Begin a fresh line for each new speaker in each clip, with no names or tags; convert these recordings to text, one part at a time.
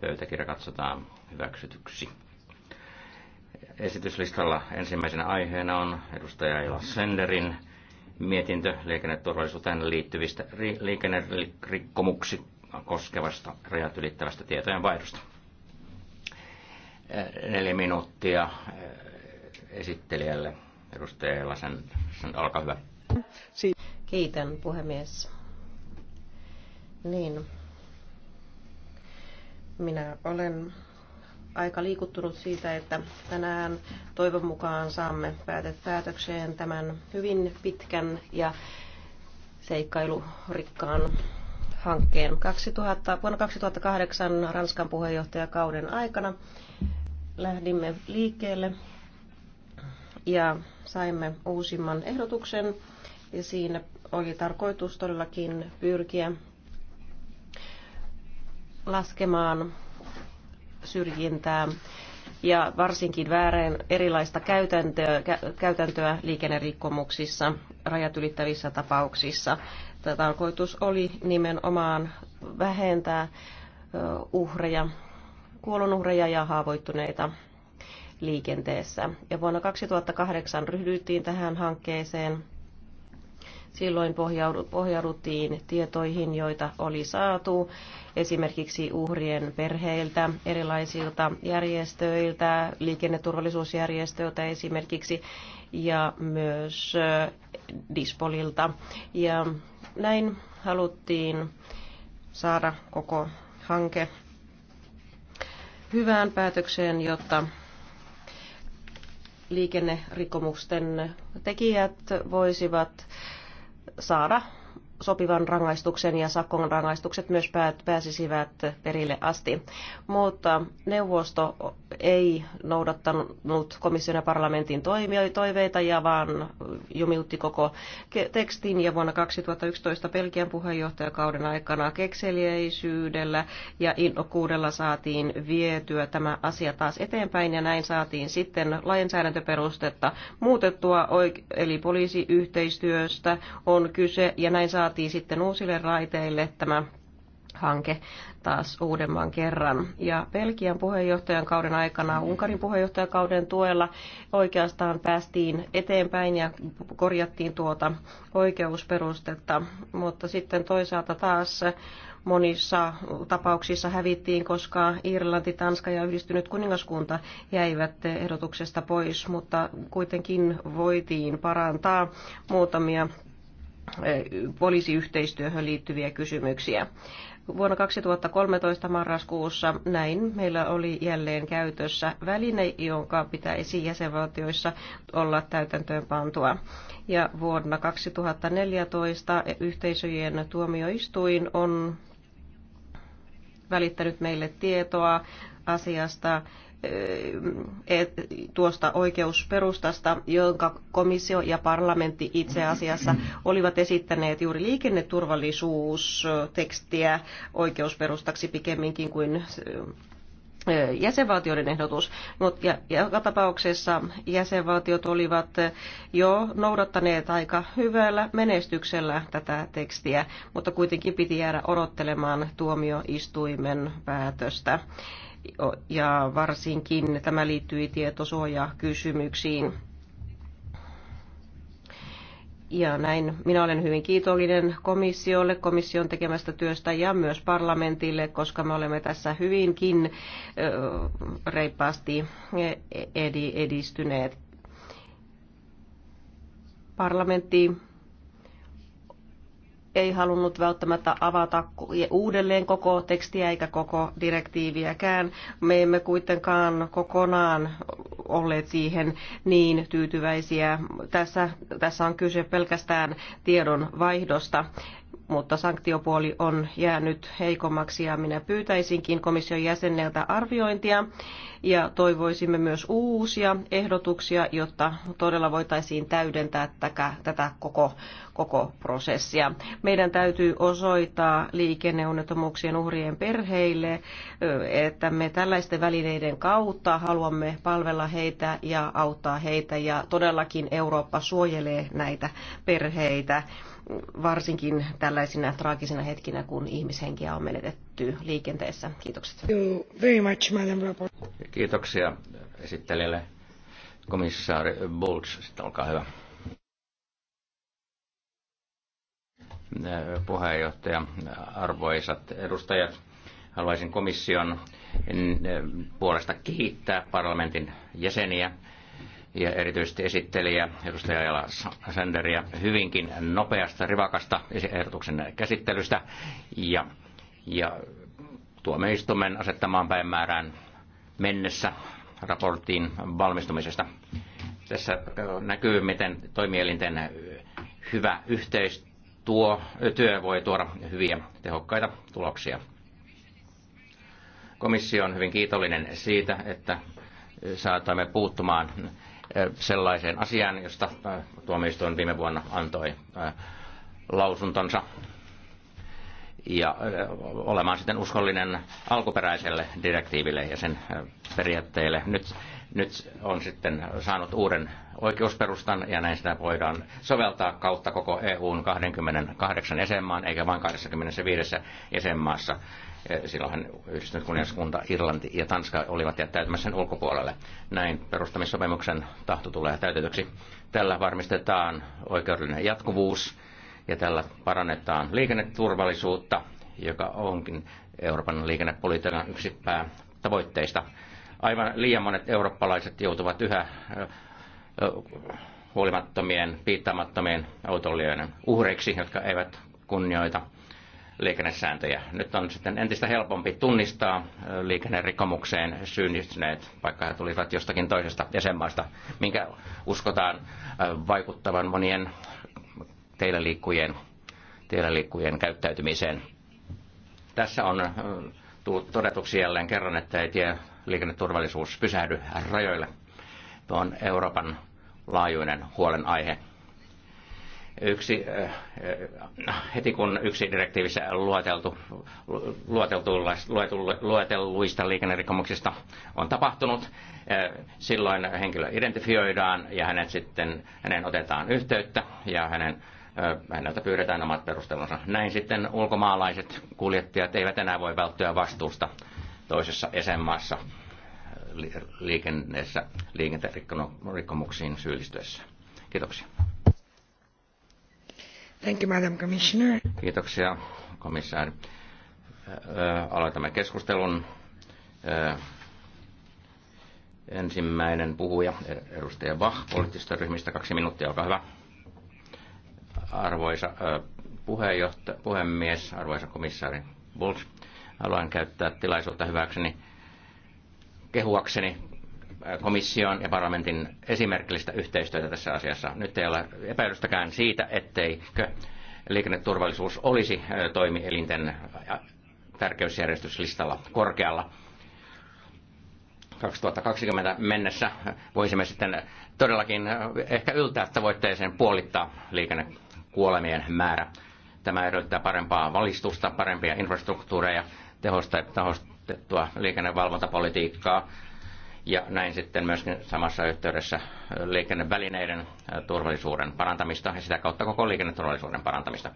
pöytäkirja katsotaan hyväksytyksi. Esityslistalla ensimmäisenä aiheena on edustaja Ila Senderin mietintö liikenneturvallisuuteen liittyvistä liikennerikkomuksi koskevasta rajat ylittävästä tietojen vaihdosta. Neljä minuuttia eh, esittelijälle. Edustaja Ila Sender, olkaa hyvä.
Kiitän puhemies. Niin, minä olen aika liikuttunut siitä, että tänään toivon mukaan saamme päätökseen tämän hyvin pitkän ja seikkailurikkaan hankkeen. 2000, vuonna 2008 Ranskan puheenjohtajakauden aikana lähdimme liikkeelle ja saimme uusimman ehdotuksen. Ja siinä oli tarkoitus todellakin pyrkiä laskemaan syrjintää ja varsinkin väärän erilaista käytäntöä, käytäntöä liikennerikkomuksissa, rajat ylittävissä tapauksissa. Tämä tarkoitus oli nimenomaan vähentää uhreja, kuolonuhreja ja haavoittuneita liikenteessä. Ja vuonna 2008 ryhdyttiin tähän hankkeeseen Silloin pohjauduttiin tietoihin, joita oli saatu esimerkiksi uhrien perheiltä, erilaisilta järjestöiltä, liikenneturvallisuusjärjestöiltä esimerkiksi ja myös äh, Dispolilta. Ja näin haluttiin saada koko hanke hyvään päätökseen, jotta liikennerikkomusten tekijät voisivat saada sopivan rangaistuksen ja sakon rangaistukset myös pääsisivät perille asti. Mutta neuvosto ei noudattanut komission ja parlamentin toiveita ja vaan jumiutti koko tekstin ja vuonna 2011 Belgian puheenjohtajakauden aikana kekseliäisyydellä ja innokkuudella saatiin vietyä tämä asia taas eteenpäin ja näin saatiin sitten lainsäädäntöperustetta muutettua, eli poliisiyhteistyöstä on kyse ja näin saatiin saatiin sitten uusille raiteille tämä hanke taas uudemman kerran. Ja Belgian puheenjohtajan kauden aikana Unkarin puheenjohtajakauden tuella oikeastaan päästiin eteenpäin ja korjattiin tuota oikeusperustetta, mutta sitten toisaalta taas monissa tapauksissa hävittiin, koska Irlanti, Tanska ja yhdistynyt kuningaskunta jäivät ehdotuksesta pois, mutta kuitenkin voitiin parantaa muutamia poliisiyhteistyöhön liittyviä kysymyksiä. Vuonna 2013 marraskuussa näin meillä oli jälleen käytössä väline, jonka pitäisi jäsenvaltioissa olla täytäntöönpantua. Ja vuonna 2014 yhteisöjen tuomioistuin on välittänyt meille tietoa asiasta Eh, eh, tuosta oikeusperustasta, jonka komissio ja parlamentti itse asiassa olivat esittäneet juuri liikenneturvallisuustekstiä oikeusperustaksi pikemminkin kuin eh, jäsenvaltioiden ehdotus, mutta joka tapauksessa jäsenvaltiot olivat jo noudattaneet aika hyvällä menestyksellä tätä tekstiä, mutta kuitenkin piti jäädä odottelemaan tuomioistuimen päätöstä ja varsinkin tämä liittyy tietosuojakysymyksiin. Ja näin minä olen hyvin kiitollinen komissiolle, komission tekemästä työstä ja myös parlamentille, koska me olemme tässä hyvinkin reippaasti edistyneet. Parlamentti ei halunnut välttämättä avata uudelleen koko tekstiä eikä koko direktiiviäkään. Me emme kuitenkaan kokonaan olleet siihen niin tyytyväisiä. Tässä, tässä on kyse pelkästään tiedon vaihdosta mutta sanktiopuoli on jäänyt heikommaksi ja minä pyytäisinkin komission jäseneltä arviointia ja toivoisimme myös uusia ehdotuksia, jotta todella voitaisiin täydentää tätä koko, koko prosessia. Meidän täytyy osoittaa liikenneonnettomuuksien uhrien perheille, että me tällaisten välineiden kautta haluamme palvella heitä ja auttaa heitä ja todellakin Eurooppa suojelee näitä perheitä varsinkin tällaisina traagisina hetkinä, kun ihmishenkiä on menetetty liikenteessä.
Kiitokset. Very much, Madam
Kiitoksia esittelijälle. Komissaari Bulls, sitten olkaa hyvä. Puheenjohtaja, arvoisat edustajat, haluaisin komission eh, puolesta kiittää parlamentin jäseniä ja erityisesti esittelijä edustaja Jala Sanderiä hyvinkin nopeasta, rivakasta ehdotuksen käsittelystä ja, ja tuomioistuimen asettamaan päivämäärään mennessä raporttiin valmistumisesta. Tässä näkyy, miten toimielinten hyvä yhteistyö voi tuoda hyviä tehokkaita tuloksia. Komissio on hyvin kiitollinen siitä, että saatamme puuttumaan sellaiseen asiaan, josta tuomioistuin viime vuonna antoi lausuntonsa ja olemaan sitten uskollinen alkuperäiselle direktiiville ja sen periaatteille. Nyt nyt on sitten saanut uuden oikeusperustan ja näin sitä voidaan soveltaa kautta koko EUn 28 jäsenmaan eikä vain 25 jäsenmaassa. E, silloinhan yhdistynyt kuningaskunta, Irlanti ja Tanska olivat jättäytymässä sen ulkopuolelle. Näin perustamissopimuksen tahto tulee täytetyksi. Tällä varmistetaan oikeudellinen jatkuvuus ja tällä parannetaan liikenneturvallisuutta, joka onkin Euroopan liikennepolitiikan yksi päätavoitteista. Aivan liian monet eurooppalaiset joutuvat yhä huolimattomien, piittaamattomien autoilijoiden uhreiksi, jotka eivät kunnioita liikennesääntöjä. Nyt on sitten entistä helpompi tunnistaa liikennerikomukseen syyllistyneet, vaikka he tulivat jostakin toisesta jäsenmaasta, minkä uskotaan vaikuttavan monien teillä liikkujien, teillä liikkujien käyttäytymiseen. Tässä on tullut todetuksi jälleen kerran, että ei tie liikenneturvallisuus pysähdy rajoille. Tuo on Euroopan laajuinen huolenaihe. Yksi, eh, heti kun yksi direktiivissä lueteltu, lueteltu, luetelluista liikennerikkomuksista on tapahtunut, eh, silloin henkilö identifioidaan ja hänet sitten, hänen otetaan yhteyttä ja hänen eh, häneltä pyydetään omat perustelunsa. Näin sitten ulkomaalaiset kuljettajat eivät enää voi välttyä vastuusta toisessa esenmaassa äh, liikenteessä liikenterikkomuksiin syyllistyessä. Kiitoksia.
Thank you, Madam Commissioner.
Kiitoksia, komissaari. Äh, äh, aloitamme keskustelun. Ensimmäinen puhuja, edustaja Bach, poliittisesta ryhmistä, kaksi minuuttia, olkaa hyvä. Arvoisa puheenjohtaja, puhemies, arvoisa komissaari Bulls Haluan käyttää tilaisuutta hyväkseni kehuakseni komission ja parlamentin esimerkillistä yhteistyötä tässä asiassa. Nyt ei ole epäilystäkään siitä, etteikö liikenneturvallisuus olisi toimielinten tärkeysjärjestyslistalla korkealla. 2020 mennessä voisimme sitten todellakin ehkä yltää tavoitteeseen puolittaa liikennekuolemien määrä. Tämä edellyttää parempaa valistusta, parempia infrastruktuureja, tehostettua liikennevalvontapolitiikkaa ja näin sitten myöskin samassa yhteydessä liikennevälineiden turvallisuuden parantamista ja sitä kautta koko liikenneturvallisuuden parantamista.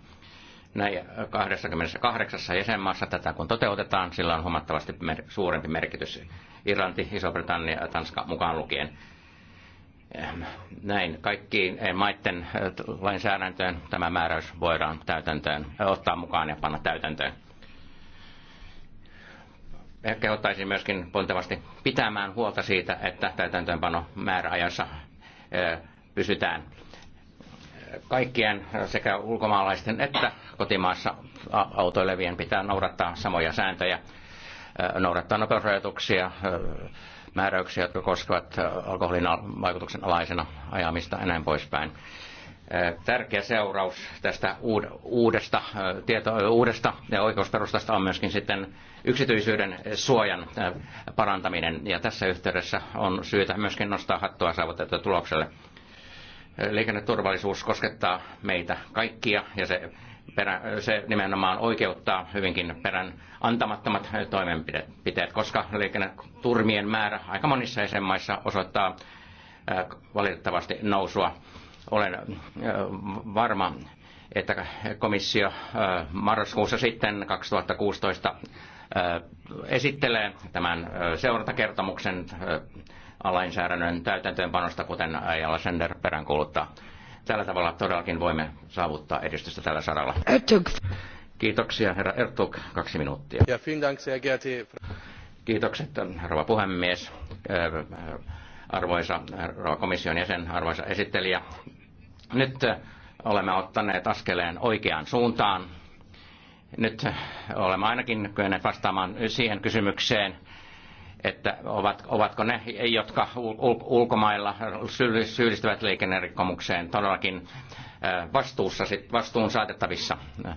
Näin 28 jäsenmaassa tätä kun toteutetaan, sillä on huomattavasti suurempi merkitys Irlanti, Iso-Britannia ja Tanska mukaan lukien ehm, näin kaikkiin eh, maiden lainsäädäntöön tämä määräys voidaan täytäntöön ottaa mukaan ja panna täytäntöön kehottaisin myöskin pontevasti pitämään huolta siitä, että täytäntöönpano määräajassa pysytään kaikkien sekä ulkomaalaisten että kotimaassa autoilevien pitää noudattaa samoja sääntöjä, noudattaa nopeusrajoituksia, määräyksiä, jotka koskevat alkoholin vaikutuksen alaisena ajamista ja näin poispäin tärkeä seuraus tästä uudesta, tieto, uudesta ja oikeusperustasta on myöskin sitten yksityisyyden suojan parantaminen. Ja tässä yhteydessä on syytä myöskin nostaa hattua saavutettua tulokselle. Liikenneturvallisuus koskettaa meitä kaikkia ja se, perä, se nimenomaan oikeuttaa hyvinkin perän antamattomat toimenpiteet, koska liikenneturmien määrä aika monissa jäsenmaissa osoittaa valitettavasti nousua olen varma, että komissio marraskuussa sitten 2016 esittelee tämän seurantakertomuksen lainsäädännön täytäntöönpanosta, kuten Ajala Sender peräänkuuluttaa. Tällä tavalla todellakin voimme saavuttaa edistystä tällä saralla. Kiitoksia, herra Ertug. Kaksi minuuttia. Ja, dank, Kiitokset, rouva puhemies. Arvoisa rouva komission jäsen, arvoisa esittelijä. Nyt olemme ottaneet askeleen oikeaan suuntaan. Nyt olemme ainakin kyenneet vastaamaan siihen kysymykseen, että ovat, ovatko ne, jotka ulkomailla syyllistyvät liikennerikkomukseen todellakin äh, vastuussa, vastuun saatettavissa äh,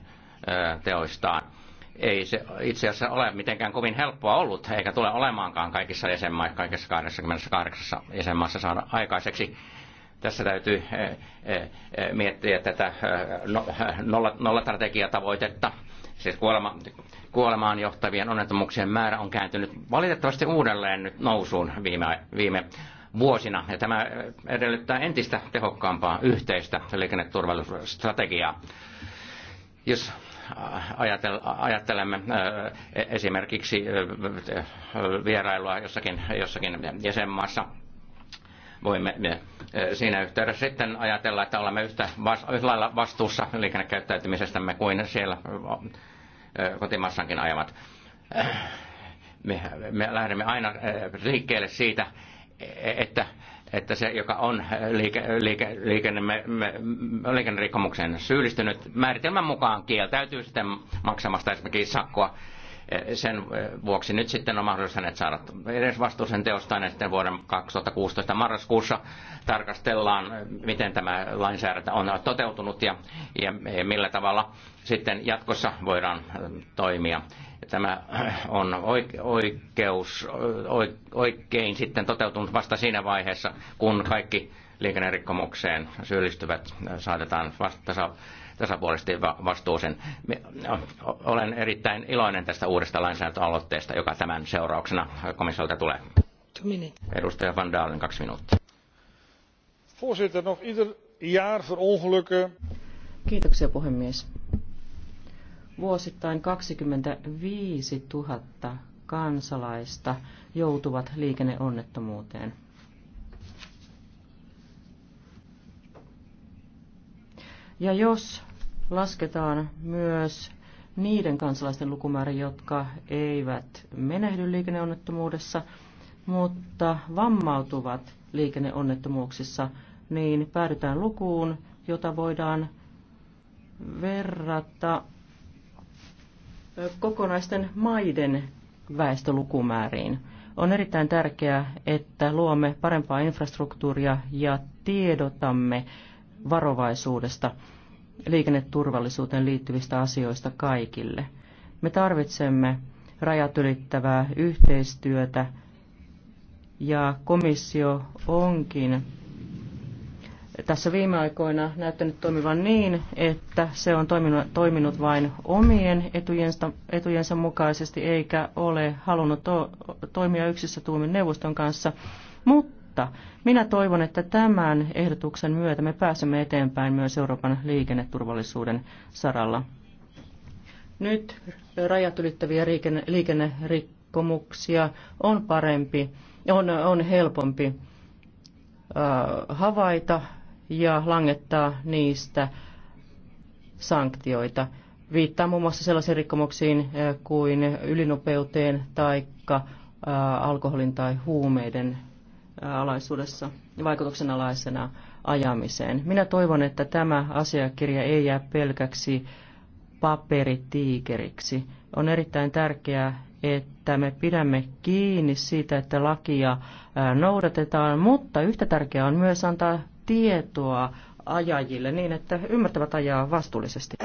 teoistaan. Ei se itse asiassa ole mitenkään kovin helppoa ollut, eikä tule olemaankaan kaikissa, jäsenmaissa, kaikissa 28 jäsenmaassa saada aikaiseksi tässä täytyy eh, eh, eh, miettiä tätä no, nollastrategiatavoitetta. Siis kuolema, kuolemaan johtavien onnettomuuksien määrä on kääntynyt valitettavasti uudelleen nyt nousuun viime, viime vuosina. Ja tämä edellyttää entistä tehokkaampaa yhteistä liikenneturvallisuusstrategiaa. Jos ajattelemme esimerkiksi vierailua jossakin, jossakin jäsenmaassa, voimme siinä yhteydessä sitten ajatella, että olemme yhtä, yhtä lailla vastuussa liikennekäyttäytymisestämme kuin siellä kotimassankin ajamat Me, me lähdemme aina liikkeelle siitä, e, että että se, joka on liike, liike, liikenne, me, me, liikennerikkomukseen syyllistynyt määritelmän mukaan kieltäytyy sitten maksamasta esimerkiksi sakkoa Eh, sen eh, vuoksi nyt sitten on mahdollista hänet saada edes vastuullisen teostaan ja sitten vuoden 2016 marraskuussa tarkastellaan, eh, miten tämä lainsäädäntö on toteutunut ja, ja millä tavalla sitten jatkossa voidaan toimia. Tämä on oikeus, oikein sitten toteutunut vasta siinä vaiheessa, kun kaikki liikennerikkomukseen syyllistyvät saatetaan vastata tasapuolisesti vastuuseen. Olen erittäin iloinen tästä uudesta lainsäädäntöaloitteesta, joka tämän seurauksena komissiolta tulee. Edustaja Van Dalen, kaksi minuuttia. Voorzitter, nog ieder jaar verongelukken.
Kiitoksia puhemies. Vuosittain 25 000 kansalaista joutuvat liikenneonnettomuuteen. Ja jos lasketaan myös niiden kansalaisten lukumäärä, jotka eivät menehdy liikenneonnettomuudessa, mutta vammautuvat liikenneonnettomuuksissa, niin päädytään lukuun, jota voidaan verrata kokonaisten maiden väestölukumääriin. On erittäin tärkeää, että luomme parempaa infrastruktuuria ja tiedotamme varovaisuudesta liikenneturvallisuuteen liittyvistä asioista kaikille. Me tarvitsemme rajat ylittävää yhteistyötä ja komissio onkin tässä viime aikoina näyttänyt toimivan niin, että se on toiminut, toiminut vain omien etujensa, etujensa mukaisesti eikä ole halunnut to, toimia yksissä tuumin neuvoston kanssa, mutta mutta Minä toivon, että tämän ehdotuksen myötä me pääsemme eteenpäin myös Euroopan liikenneturvallisuuden saralla. Nyt rajat ylittäviä liikenne, liikennerikkomuksia on parempi, on, on helpompi äh, havaita ja langettaa niistä sanktioita. Viittaa muun muassa sellaisiin rikkomuksiin kuin ylinopeuteen tai alkoholin tai huumeiden alaisuudessa vaikutuksen alaisena ajamiseen. Minä toivon, että tämä asiakirja ei jää pelkäksi paperitiikeriksi. On erittäin tärkeää, että me pidämme kiinni siitä, että lakia noudatetaan, mutta yhtä tärkeää on myös antaa tietoa ajajille niin, että ymmärtävät ajaa vastuullisesti.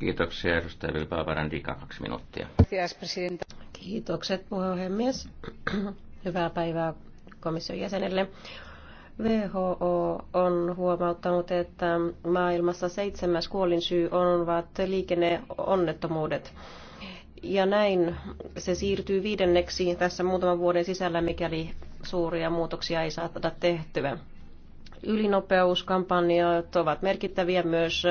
Kiitoksia edustaja Bilbao Barandika, kaksi minuuttia.
Kiitokset puhemies. Hyvää päivää komission jäsenelle. WHO on huomauttanut, että maailmassa seitsemäs kuolinsyy ovat liikenneonnettomuudet. Ja näin se siirtyy viidenneksi tässä muutaman vuoden sisällä, mikäli suuria muutoksia ei saada tehtyä. Ylinopeuskampanjat ovat merkittäviä myös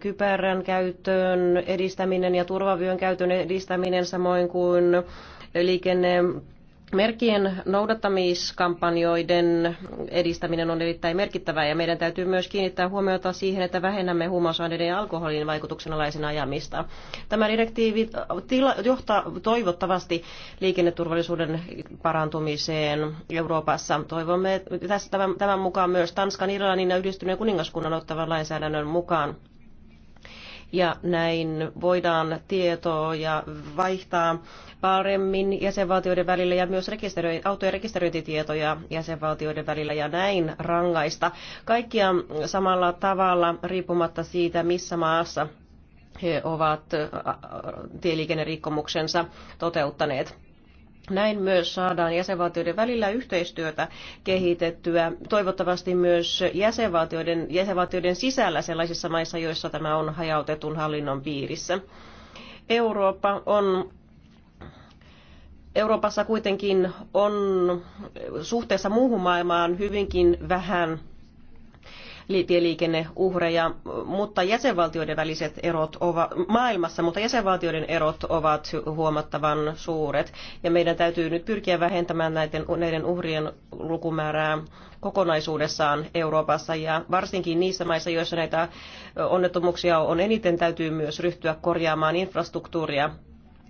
kypärän käyttöön edistäminen ja turvavyön käytön edistäminen, samoin kuin liikenne Merkien noudattamiskampanjoiden edistäminen on erittäin merkittävää ja meidän täytyy myös kiinnittää huomiota siihen, että vähennämme huumausaineiden ja alkoholin vaikutuksen alaisen ajamista. Tämä direktiivi johtaa toivottavasti liikenneturvallisuuden parantumiseen Euroopassa. Toivomme tässä tämän, tämän mukaan myös Tanskan, Irlannin ja yhdistyneen kuningaskunnan ottavan lainsäädännön mukaan ja näin voidaan tietoja vaihtaa paremmin jäsenvaltioiden välillä ja myös rekisteröi, autojen rekisteröintitietoja jäsenvaltioiden välillä ja näin rangaista kaikkia samalla tavalla riippumatta siitä, missä maassa he ovat äh, äh, tieliikennerikkomuksensa toteuttaneet näin myös saadaan jäsenvaltioiden välillä yhteistyötä kehitettyä, toivottavasti myös jäsenvaltioiden, jäsenvaltioiden sisällä sellaisissa maissa, joissa tämä on hajautetun hallinnon piirissä. Eurooppa on Euroopassa kuitenkin on suhteessa muuhun maailmaan hyvinkin vähän tieliikenneuhreja, mutta jäsenvaltioiden väliset erot ovat maailmassa, mutta jäsenvaltioiden erot ovat huomattavan suuret. Ja meidän täytyy nyt pyrkiä vähentämään näiden, näiden uhrien lukumäärää kokonaisuudessaan Euroopassa ja varsinkin niissä maissa, joissa näitä onnettomuuksia on eniten, täytyy myös ryhtyä korjaamaan infrastruktuuria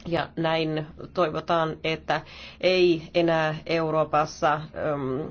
ja näin toivotaan, että ei enää Euroopassa äm,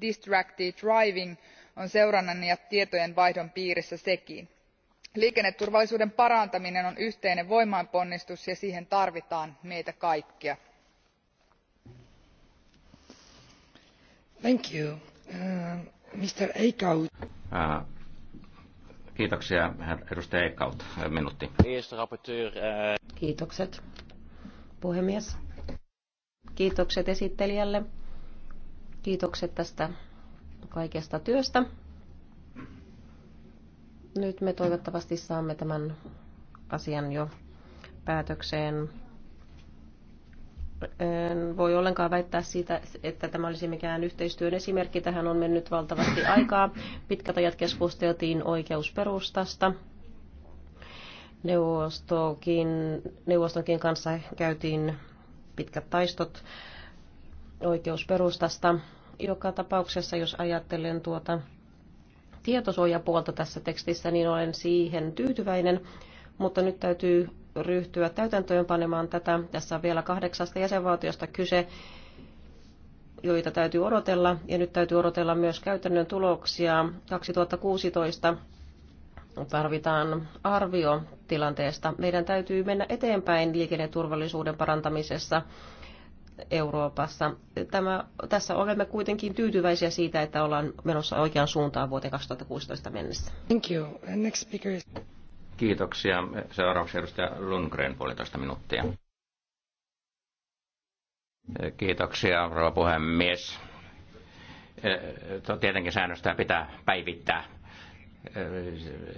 distracted driving on seurannan ja tietojenvaihdon piirissä sekin. liikenneturvallisuuden parantaminen on yhteinen voimanponnistus ja siihen tarvitaan meitä kaikkia. Uh,
uh, kiitoksia. Edustaja Eickhout, minuutti. Uh,
Kiitokset, puhemies. Kiitokset esittelijälle Kiitokset tästä kaikesta työstä. Nyt me toivottavasti saamme tämän asian jo päätökseen. En voi ollenkaan väittää siitä, että tämä olisi mikään yhteistyön esimerkki. Tähän on mennyt valtavasti aikaa. Pitkät ajat keskusteltiin oikeusperustasta. Neuvostokin, neuvostonkin kanssa käytiin pitkät taistot oikeusperustasta. Joka tapauksessa, jos ajattelen tuota tietosuojapuolta tässä tekstissä, niin olen siihen tyytyväinen, mutta nyt täytyy ryhtyä täytäntöön panemaan tätä. Tässä on vielä kahdeksasta jäsenvaltiosta kyse, joita täytyy odotella, ja nyt täytyy odotella myös käytännön tuloksia. 2016 tarvitaan arvio tilanteesta. Meidän täytyy mennä eteenpäin liikenneturvallisuuden parantamisessa Euroopassa. Tämä, tässä olemme kuitenkin tyytyväisiä siitä, että ollaan menossa oikeaan suuntaan vuoteen 2016 mennessä.
Thank you. Next speaker is...
Kiitoksia. Seuraavaksi edustaja Lundgren puolitoista minuuttia. Kiitoksia, rouva puhemies. Eh, tietenkin säännöstä pitää päivittää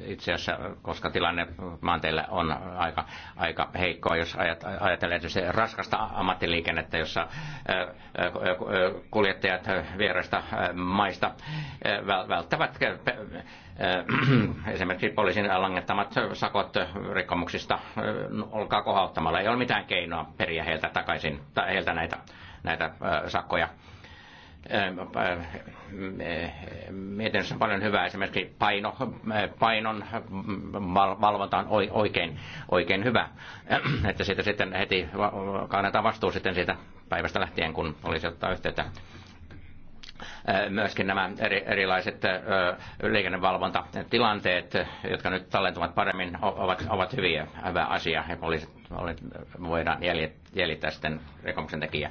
itse asiassa, koska tilanne maanteille on aika, aika heikkoa, jos ajatellaan se raskasta ammattiliikennettä, jossa äh, äh, kuljettajat vieraista äh, maista välttävät esimerkiksi poliisin langettamat sakot rikkomuksista olkaa kohauttamalla. Ei ole mitään keinoa periä heiltä takaisin, tai heiltä näitä, näitä sakkoja mietinnössä on paljon hyvää, esimerkiksi paino, painon valvonta on oikein, oikein hyvä, että siitä sitten heti kannetaan vastuu sitten siitä päivästä lähtien, kun olisi ottaa yhteyttä myöskin nämä eri, erilaiset liikennevalvontatilanteet, jotka nyt tallentuvat paremmin, ovat, ovat hyviä, hyvä asia ja poliisit voidaan jäljittää sitten rekomuksen tekijää.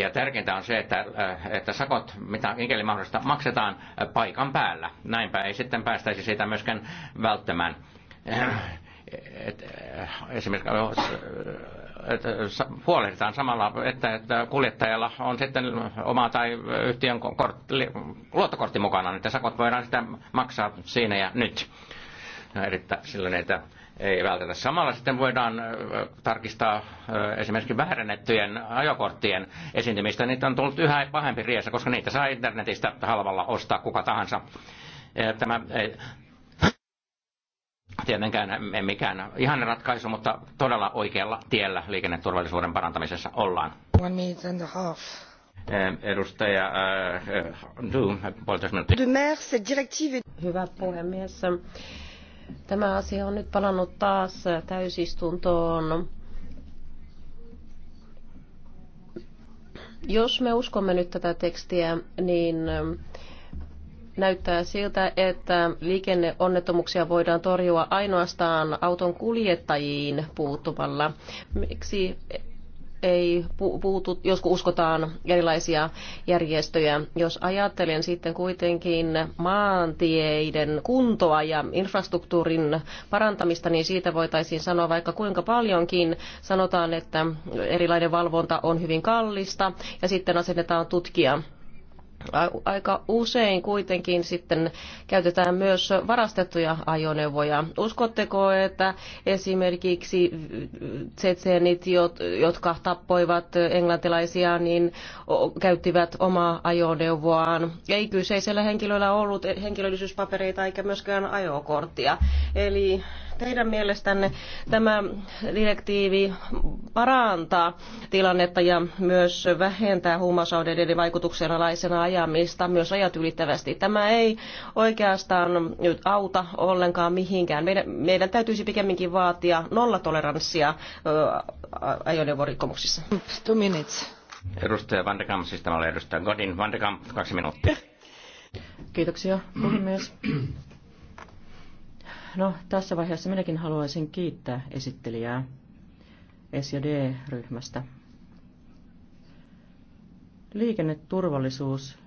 Ja tärkeintä on se, että, äh, että sakot, mitä mikäli mahdollista, maksetaan äh, paikan päällä. Näinpä ei sitten päästäisi siitä myöskään välttämään. Äh, et, esimerkiksi että huolehditaan samalla, että, että kuljettajalla on sitten oma tai yhtiön kortti, luottokortti mukana, niin että sakot voidaan sitä maksaa siinä ja nyt. No, erittäin silloin, että ei vältetä. Samalla sitten voidaan tarkistaa esimerkiksi väärennettyjen ajokorttien esiintymistä. Niitä on tullut yhä pahempi riesa, koska niitä saa internetistä halvalla ostaa kuka tahansa. Tämä ei tietenkään ei mikään ihan ratkaisu, mutta todella oikealla tiellä liikenneturvallisuuden parantamisessa ollaan.
One minute and a half.
Edustaja äh, Du, puolitoista
minuuttia. Hyvä puhemies Tämä asia on nyt palannut taas täysistuntoon. Jos me uskomme nyt tätä tekstiä, niin ähm, näyttää siltä, että liikenneonnettomuuksia voidaan torjua ainoastaan auton kuljettajiin puuttumalla. Miksi ei puutu, joskus uskotaan erilaisia järjestöjä. Jos ajattelen sitten kuitenkin maantieiden kuntoa ja infrastruktuurin parantamista, niin siitä voitaisiin sanoa vaikka kuinka paljonkin. Sanotaan, että erilainen valvonta on hyvin kallista ja sitten asennetaan tutkia aika usein kuitenkin sitten käytetään myös varastettuja ajoneuvoja. Uskotteko, että esimerkiksi tsetseenit, jotka tappoivat englantilaisia, niin käyttivät omaa ajoneuvoaan? Ei kyseisellä henkilöllä ollut henkilöllisyyspapereita eikä myöskään ajokorttia. Eli teidän mielestänne tämä direktiivi parantaa tilannetta ja myös vähentää huumausaineiden vaikutuksen alaisena ajamista myös rajat ylittävästi? Tämä ei oikeastaan nyt auta ollenkaan mihinkään. Meidän, meidän täytyisi pikemminkin vaatia nollatoleranssia ajoneuvorikkomuksissa.
Two minutes.
Edustaja Van de Kamp, siis tämä oli edustaja Godin. Van de Kamp, kaksi minuuttia.
Kiitoksia, puhemies. No, tässä vaiheessa minäkin haluaisin kiittää esittelijää S- ja D-ryhmästä. Liikenneturvallisuus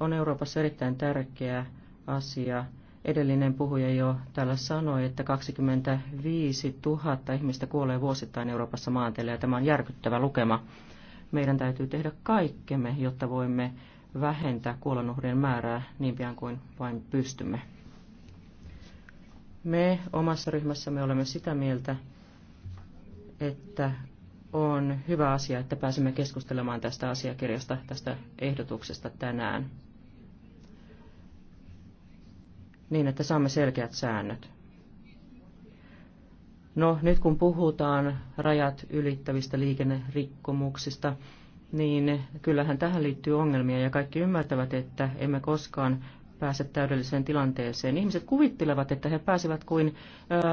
on Euroopassa erittäin tärkeä asia. Edellinen puhuja jo täällä sanoi, että 25 000 ihmistä kuolee vuosittain Euroopassa maanteille, ja tämä on järkyttävä lukema. Meidän täytyy tehdä kaikkemme, jotta voimme vähentää kuolonuhrien määrää niin pian kuin vain pystymme. Me omassa ryhmässämme olemme sitä mieltä, että on hyvä asia, että pääsemme keskustelemaan tästä asiakirjasta, tästä ehdotuksesta tänään, niin että saamme selkeät säännöt. No, nyt kun puhutaan rajat ylittävistä liikennerikkomuksista, niin kyllähän tähän liittyy ongelmia ja kaikki ymmärtävät, että emme koskaan pääse täydelliseen tilanteeseen. Ihmiset kuvittelevat, että he pääsevät kuin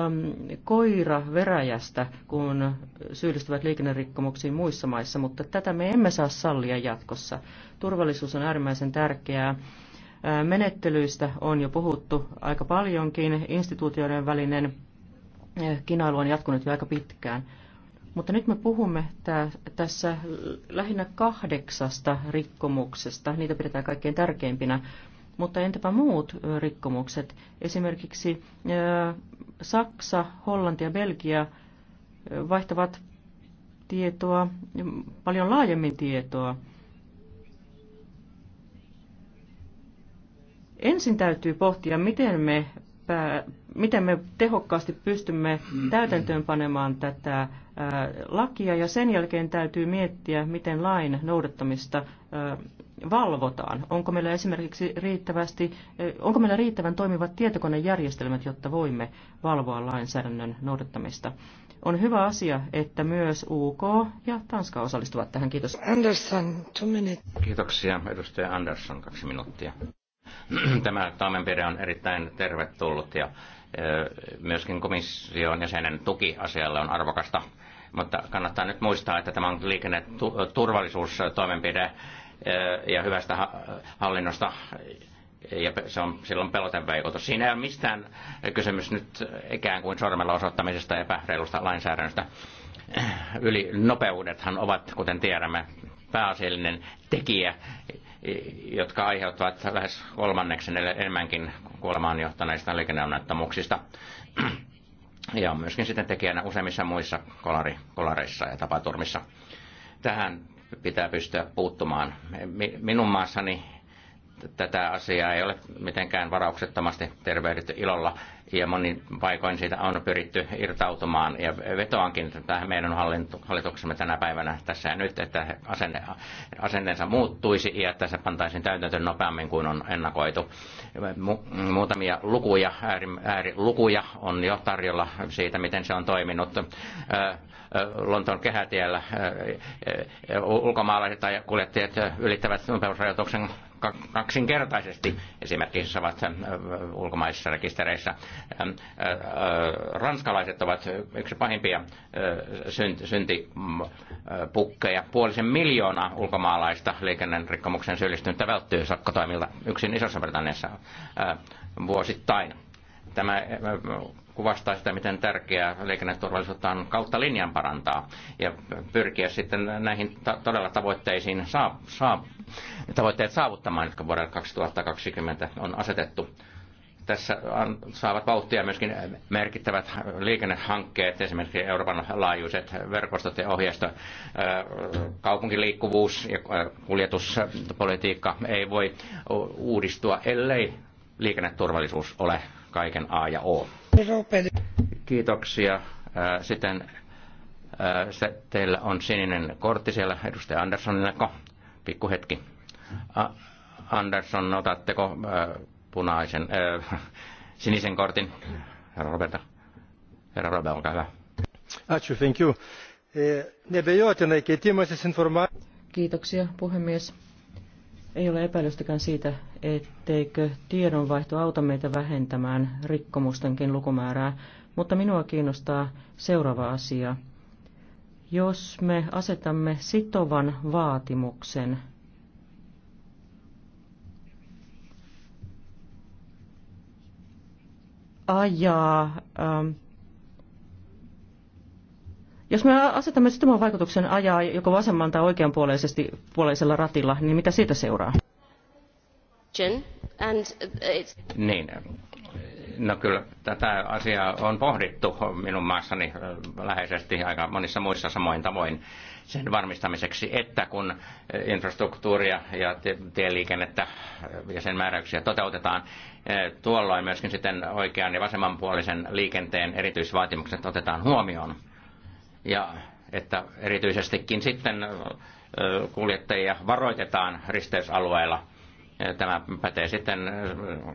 äm, koira veräjästä, kun syyllistyvät liikennerikkomuksiin muissa maissa, mutta tätä me emme saa sallia jatkossa. Turvallisuus on äärimmäisen tärkeää. Äh, menettelyistä on jo puhuttu aika paljonkin. Instituutioiden välinen äh, kinailu on jatkunut jo aika pitkään. Mutta nyt me puhumme tässä lähinnä kahdeksasta rikkomuksesta. Niitä pidetään kaikkein tärkeimpinä mutta entäpä muut rikkomukset? Esimerkiksi Saksa, Hollanti ja Belgia vaihtavat tietoa, paljon laajemmin tietoa. Ensin täytyy pohtia, miten me, pää, miten me tehokkaasti pystymme täytäntöönpanemaan tätä lakia ja sen jälkeen täytyy miettiä, miten lain noudattamista valvotaan. Onko meillä esimerkiksi riittävästi, onko meillä riittävän toimivat tietokonejärjestelmät, jotta voimme valvoa lainsäädännön noudattamista? On hyvä asia, että myös UK ja Tanska osallistuvat tähän. Kiitos. Anderson, two minutes.
Kiitoksia. Edustaja Andersson, kaksi minuuttia. Tämä taamenpide on erittäin tervetullut ja myöskin komission jäsenen tuki asialle on arvokasta mutta kannattaa nyt muistaa, että tämä on liikenneturvallisuustoimenpide eh, ja hyvästä hallinnosta eh, ja se on silloin pelotevaikutus. Siinä ei ole mistään kysymys nyt ikään kuin sormella osoittamisesta epäreilusta lainsäädännöstä. Eh, yli nopeudethan ovat, kuten tiedämme, pääasiallinen tekijä, jotka aiheuttavat lähes kolmanneksen enemmänkin kuolemaan johtaneista liikenneonnettomuuksista ja on myöskin sitten tekijänä useimmissa muissa kolari, kolareissa ja tapaturmissa. Tähän pitää pystyä puuttumaan. Minun maassani tätä asiaa ei ole mitenkään varauksettomasti tervehditty ilolla ja monin paikoin siitä on pyritty irtautumaan. Ja vetoankin tähän meidän hallituksemme tänä päivänä tässä ja nyt, että asenne, asenteensa muuttuisi ja että se pantaisiin täytäntöön nopeammin kuin on ennakoitu. Mu- muutamia lukuja, äärilukuja on jo tarjolla siitä, miten se on toiminut. Lontoon kehätiellä ulkomaalaiset tai kuljettajat ylittävät nopeusrajoituksen kaksinkertaisesti esimerkiksi ovat ulkomaisissa rekistereissä. Ranskalaiset ovat yksi pahimpia syntipukkeja. Puolisen miljoonaa ulkomaalaista liikennerikkomuksen syyllistynyttä välttyy sakkotoimilta yksin Isossa-Britanniassa vuosittain. Tämä kuvastaa sitä, miten tärkeää liikenneturvallisuutta on kautta linjan parantaa ja pyrkiä sitten näihin ta- todella tavoitteisiin saa, saa, tavoitteet saavuttamaan, jotka vuodelle 2020 on asetettu. Tässä on, saavat vauhtia myöskin merkittävät liikennehankkeet, esimerkiksi Euroopan laajuiset verkostot ja ohjeisto. Kaupunkiliikkuvuus ja kuljetuspolitiikka ei voi uudistua, ellei liikenneturvallisuus ole kaiken A ja O. Kiitoksia. Äh, sitten äh, se, teillä on sininen kortti siellä edustaja Anderssonilleko? Pikku hetki. Andersson, otatteko äh, punaisen, sinisen kortin? Herra Roberta. Herra Robert, olkaa hyvä.
Ačiū, thank you. E,
Kiitoksia, puhemies ei ole epäilystäkään siitä, etteikö tiedonvaihto auta meitä vähentämään rikkomustenkin lukumäärää, mutta minua kiinnostaa seuraava asia. Jos me asetamme sitovan vaatimuksen ajaa ähm, jos me asetamme sitoman vaikutuksen ajaa joko vasemman tai oikeanpuoleisesti puoleisella ratilla, niin mitä siitä seuraa?
Niin, no kyllä tätä asiaa on pohdittu minun maassani äh, läheisesti aika monissa muissa samoin tavoin sen varmistamiseksi, että kun äh, infrastruktuuria ja tieliikennettä äh, ja sen määräyksiä toteutetaan, tuolloin myöskin sitten oikean ja vasemmanpuolisen liikenteen erityisvaatimukset otetaan huomioon ja että erityisestikin sitten kuljettajia varoitetaan risteysalueella. Tämä pätee sitten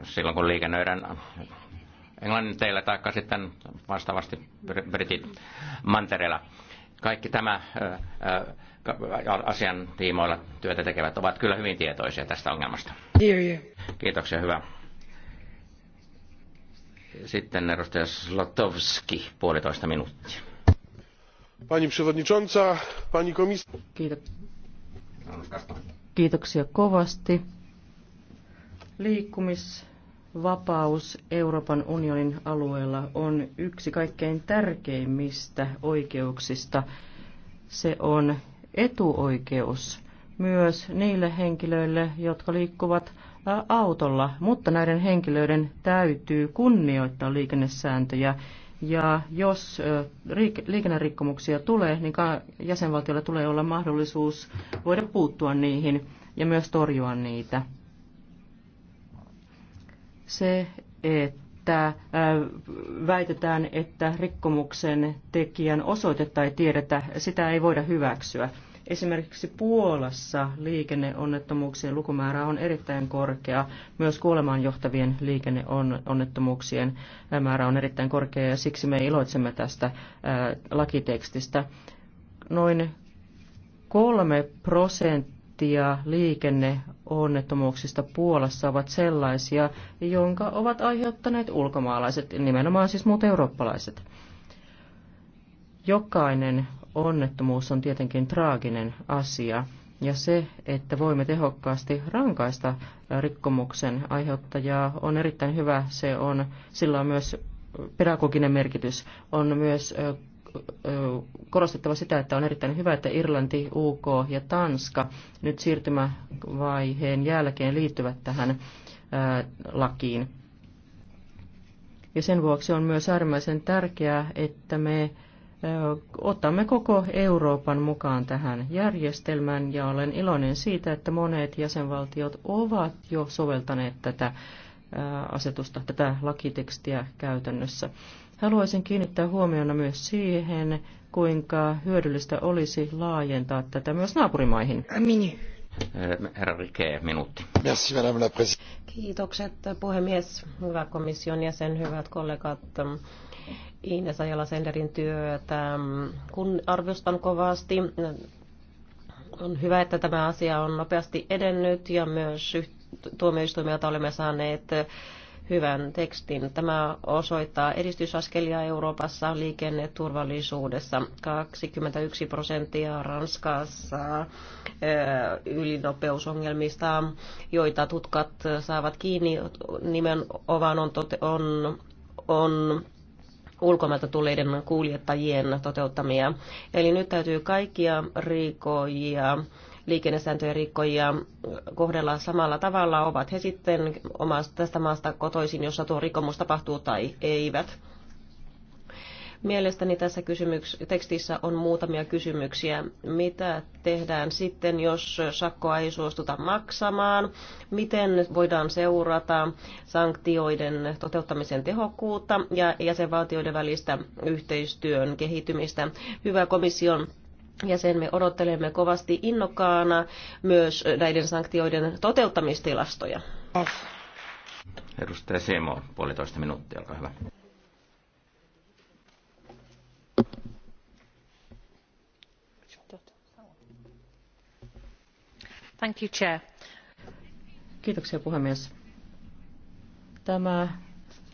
silloin, kun liikennöidään Englannin teillä tai sitten vastaavasti Britit mantereella. Kaikki tämä asian tiimoilla työtä tekevät ovat kyllä hyvin tietoisia tästä ongelmasta. Kiitoksia, hyvä. Sitten edustaja Slotowski, puolitoista minuuttia
pani przewodnicząca pani komisarz!
kiitoksia kovasti. liikkumisvapaus euroopan unionin alueella on yksi kaikkein tärkeimmistä oikeuksista. se on etuoikeus myös niille henkilöille jotka liikkuvat autolla mutta näiden henkilöiden täytyy kunnioittaa liikennesääntöjä ja jos liikennerikkomuksia tulee, niin jäsenvaltiolla tulee olla mahdollisuus voida puuttua niihin ja myös torjua niitä. Se, että väitetään, että rikkomuksen tekijän osoite tai tiedetä, sitä ei voida hyväksyä. Esimerkiksi Puolassa liikenneonnettomuuksien lukumäärä on erittäin korkea. Myös kuolemaan johtavien liikenneonnettomuuksien määrä on erittäin korkea ja siksi me iloitsemme tästä äh, lakitekstistä. Noin kolme prosenttia ja liikenneonnettomuuksista Puolassa ovat sellaisia, jonka ovat aiheuttaneet ulkomaalaiset, nimenomaan siis muut eurooppalaiset. Jokainen onnettomuus on tietenkin traaginen asia. Ja se, että voimme tehokkaasti rankaista rikkomuksen aiheuttajaa, on erittäin hyvä. Se on, sillä on myös pedagoginen merkitys. On myös korostettava sitä, että on erittäin hyvä, että Irlanti, UK ja Tanska nyt siirtymävaiheen jälkeen liittyvät tähän lakiin. Ja sen vuoksi on myös äärimmäisen tärkeää, että me Otamme koko Euroopan mukaan tähän järjestelmään ja olen iloinen siitä, että monet jäsenvaltiot ovat jo soveltaneet tätä asetusta, tätä lakitekstiä käytännössä. Haluaisin kiinnittää huomiona myös siihen, kuinka hyödyllistä olisi laajentaa tätä myös naapurimaihin. Mini.
Herra Rike, minuutti. Merci,
Kiitokset puhemies, hyvä komission jäsen, hyvät kollegat. Ines Ajala Senderin työtä. Kun arvostan kovasti, on hyvä, että tämä asia on nopeasti edennyt ja myös tuomioistuimilta olemme saaneet hyvän tekstin. Tämä osoittaa edistysaskelia Euroopassa liikenneturvallisuudessa. 21 prosenttia Ranskassa ylinopeusongelmista, joita tutkat saavat kiinni, Nimenomaan on, on, on ulkomailta tulleiden kuljettajien toteuttamia. Eli nyt täytyy kaikkia rikojia liikennesääntöjen rikkojia kohdella samalla tavalla, ovat he sitten omasta tästä maasta kotoisin, jossa tuo rikomus tapahtuu tai eivät. Mielestäni tässä kysymyks- tekstissä on muutamia kysymyksiä. Mitä tehdään sitten, jos sakkoa ei suostuta maksamaan? Miten voidaan seurata sanktioiden toteuttamisen tehokkuutta ja jäsenvaltioiden välistä yhteistyön kehittymistä? Hyvä komission sen me odottelemme kovasti innokkaana myös näiden sanktioiden toteuttamistilastoja.
Edustaja Seemo, puolitoista minuuttia, olkaa hyvä.
Kiitoksia puhemies. Tämä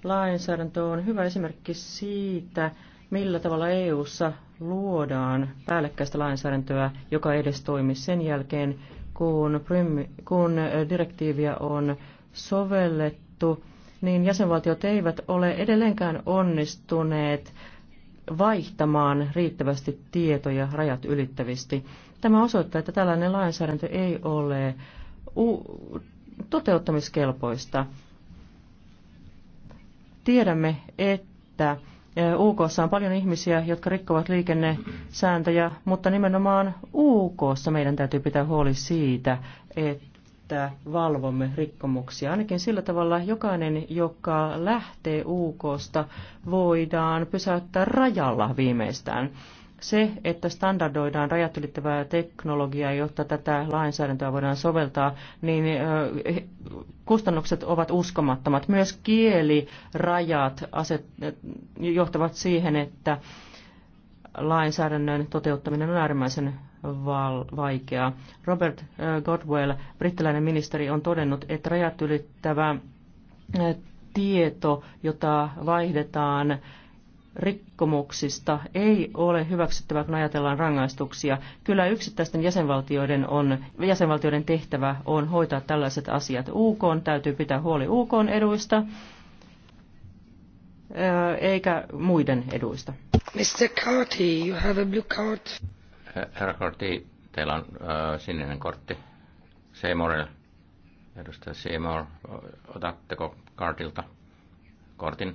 lainsäädäntö on hyvä esimerkki siitä, millä tavalla EU:ssa luodaan päällekkäistä lainsäädäntöä, joka edes toimi sen jälkeen, kun, kun direktiiviä on sovellettu, niin jäsenvaltiot eivät ole edelleenkään onnistuneet vaihtamaan riittävästi tietoja rajat ylittävästi. Tämä osoittaa, että tällainen lainsäädäntö ei ole toteuttamiskelpoista. Tiedämme, että e, UK on paljon ihmisiä, jotka rikkovat liikennesääntöjä, mutta nimenomaan UK meidän täytyy pitää huoli siitä, että että valvomme rikkomuksia. Ainakin sillä tavalla jokainen, joka lähtee UKsta, voidaan pysäyttää rajalla viimeistään. Se, että standardoidaan rajat ylittävää teknologiaa, jotta tätä lainsäädäntöä voidaan soveltaa, niin kustannukset ovat uskomattomat. Myös kielirajat aset, johtavat siihen, että lainsäädännön toteuttaminen on äärimmäisen val- vaikeaa. Robert äh, Godwell, brittiläinen ministeri, on todennut, että rajat ylittävä äh, tieto, jota vaihdetaan rikkomuksista ei ole hyväksyttävää, kun ajatellaan rangaistuksia. Kyllä yksittäisten jäsenvaltioiden, on, jäsenvaltioiden tehtävä on hoitaa tällaiset asiat. UK täytyy pitää huoli UK eduista, äh, eikä muiden eduista.
Mr. Carty, you have a blue card.
Herra Korti, teillä on äh, sininen kortti Seymourille. Edustaja Seymour, otatteko kartilta kortin?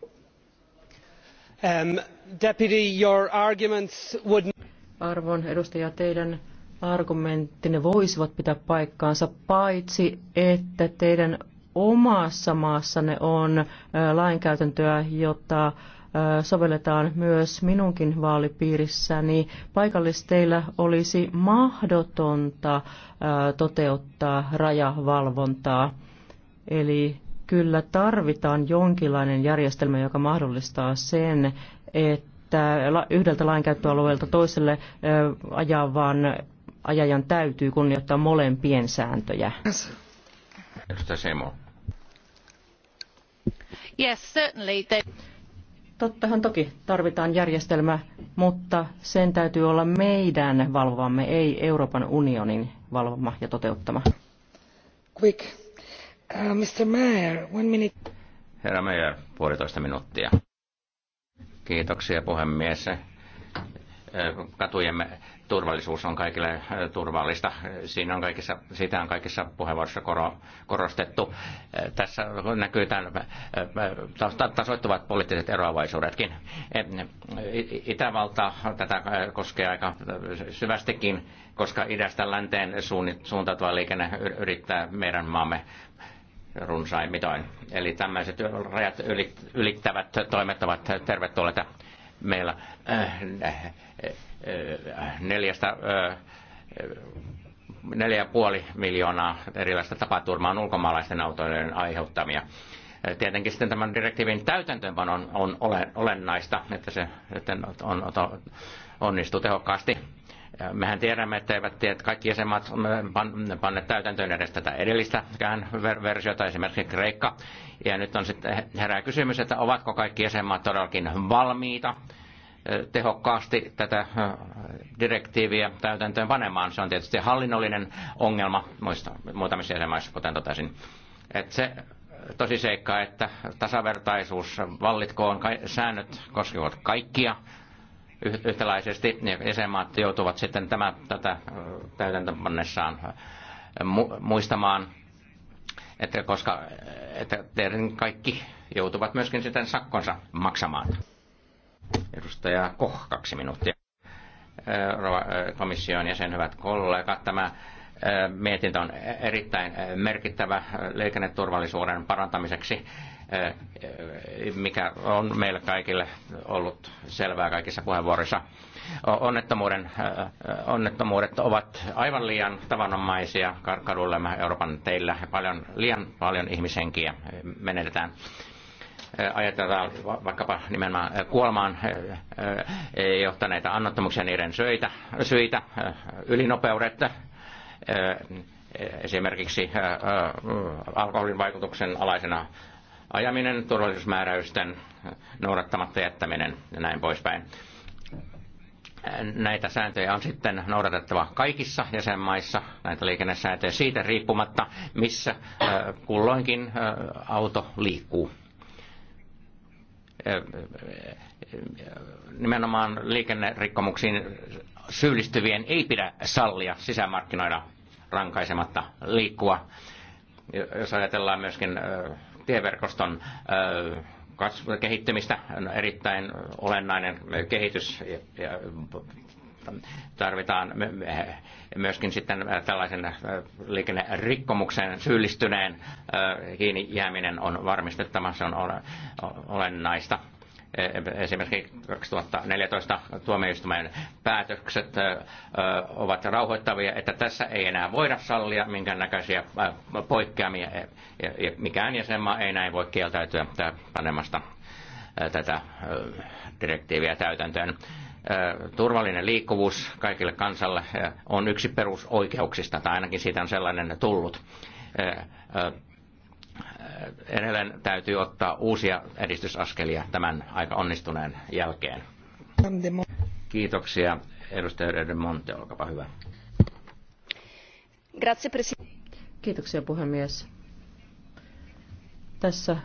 Um,
deputy, your arguments would... Arvon edustaja, teidän argumenttinne voisivat pitää paikkaansa, paitsi että teidän omassa maassanne on lainkäytäntöä, jota sovelletaan myös minunkin vaalipiirissäni. Paikallisteillä olisi mahdotonta toteuttaa rajavalvontaa. Eli kyllä tarvitaan jonkinlainen järjestelmä, joka mahdollistaa sen, että yhdeltä lainkäyttöalueelta toiselle ajavan, ajajan täytyy kunnioittaa molempien sääntöjä.
Edustaja Semo.
Yes, certainly. They... Tottahan toki tarvitaan järjestelmä, mutta sen täytyy olla meidän valvomme, ei Euroopan unionin valvoma ja toteuttama. Quick. Uh, Mr.
Mayor, one minute.
Herra Mayer, puolitoista minuuttia. Kiitoksia puhemies. Katujemme turvallisuus on kaikille äh, turvallista. Siinä on kaikissa, sitä on kaikissa puheenvuoroissa korostettu. Äh, tässä näkyy tämän, äh, tasoittuvat poliittiset eroavaisuudetkin. Itävalta tätä koskee aika syvästikin, koska idästä länteen suuntautuva liikenne yrittää meidän maamme runsain mitoin. Eli tämmöiset rajat ylittävät toimet ovat tervetulleita meillä Äh, neljästä äh, neljä ja puoli miljoonaa erilaista tapaturmaa on ulkomaalaisten autoilijoiden aiheuttamia. Äh, tietenkin sitten tämän direktiivin täytäntöönpano on olennaista, että se on, on, onnistuu tehokkaasti. Mehän tiedämme, että eivät tiedä, kaikki jäsenmaat panne täytäntöön edes tätä edellistäkään versiota, esimerkiksi Kreikka. Ja nyt on sitten herää kysymys, että ovatko kaikki jäsenmaat todellakin valmiita tehokkaasti tätä äh, direktiiviä täytäntöön panemaan. Se on tietysti hallinnollinen ongelma muista, muutamissa jäsenmaissa, kuten totesin. Et se äh, tosi seikka, että tasavertaisuus vallitkoon, säännöt koskevat kaikkia yhtäläisesti, ja jäsenmaat joutuvat sitten tämä, tätä äh, täytäntöpannessaan muistamaan, että koska että kaikki joutuvat myöskin sitten sakkonsa maksamaan. Edustaja Koh, kaksi minuuttia. Komission jäsen, hyvät kollegat, tämä mietintö on erittäin merkittävä liikenneturvallisuuden parantamiseksi, mikä on meille kaikille ollut selvää kaikissa puheenvuoroissa. Onnettomuuden, onnettomuudet ovat aivan liian tavanomaisia kadullemme Euroopan teillä. Paljon, liian paljon ihmishenkiä menetetään Äh, ajatellaan vaikkapa nimenomaan äh, kuolemaan äh, johtaneita annottomuuksia, niiden syitä, syitä ylinopeudet, esimerkiksi alkoholin vaikutuksen alaisena ajaminen, turvallisuusmääräysten noudattamatta jättäminen ja näin poispäin. Näitä sääntöjä on sitten noudatettava kaikissa jäsenmaissa, näitä liikennesääntöjä siitä riippumatta, missä kulloinkin auto liikkuu nimenomaan liikennerikkomuksiin syyllistyvien ei pidä sallia sisämarkkinoida rankaisematta liikkua. Jos ajatellaan myöskin tieverkoston kehittymistä, erittäin olennainen kehitys ja tarvitaan myöskin sitten tällaisen liikennerikkomuksen syyllistyneen kiinni jääminen on varmistettava, se on olennaista. E, esimerkiksi 2014 tuomioistuimen päätökset ovat rauhoittavia, että tässä ei enää voida sallia minkäännäköisiä poikkeamia. E, e, mikään jäsenmaa ei näin voi kieltäytyä panemasta tätä direktiiviä täytäntöön. Turvallinen liikkuvuus kaikille kansalle on yksi perusoikeuksista, tai ainakin siitä on sellainen tullut edelleen täytyy ottaa uusia edistysaskelia tämän aika onnistuneen jälkeen. Kiitoksia. Edustaja Reden Monte, olkapa hyvä.
Kiitoksia puhemies. Tässä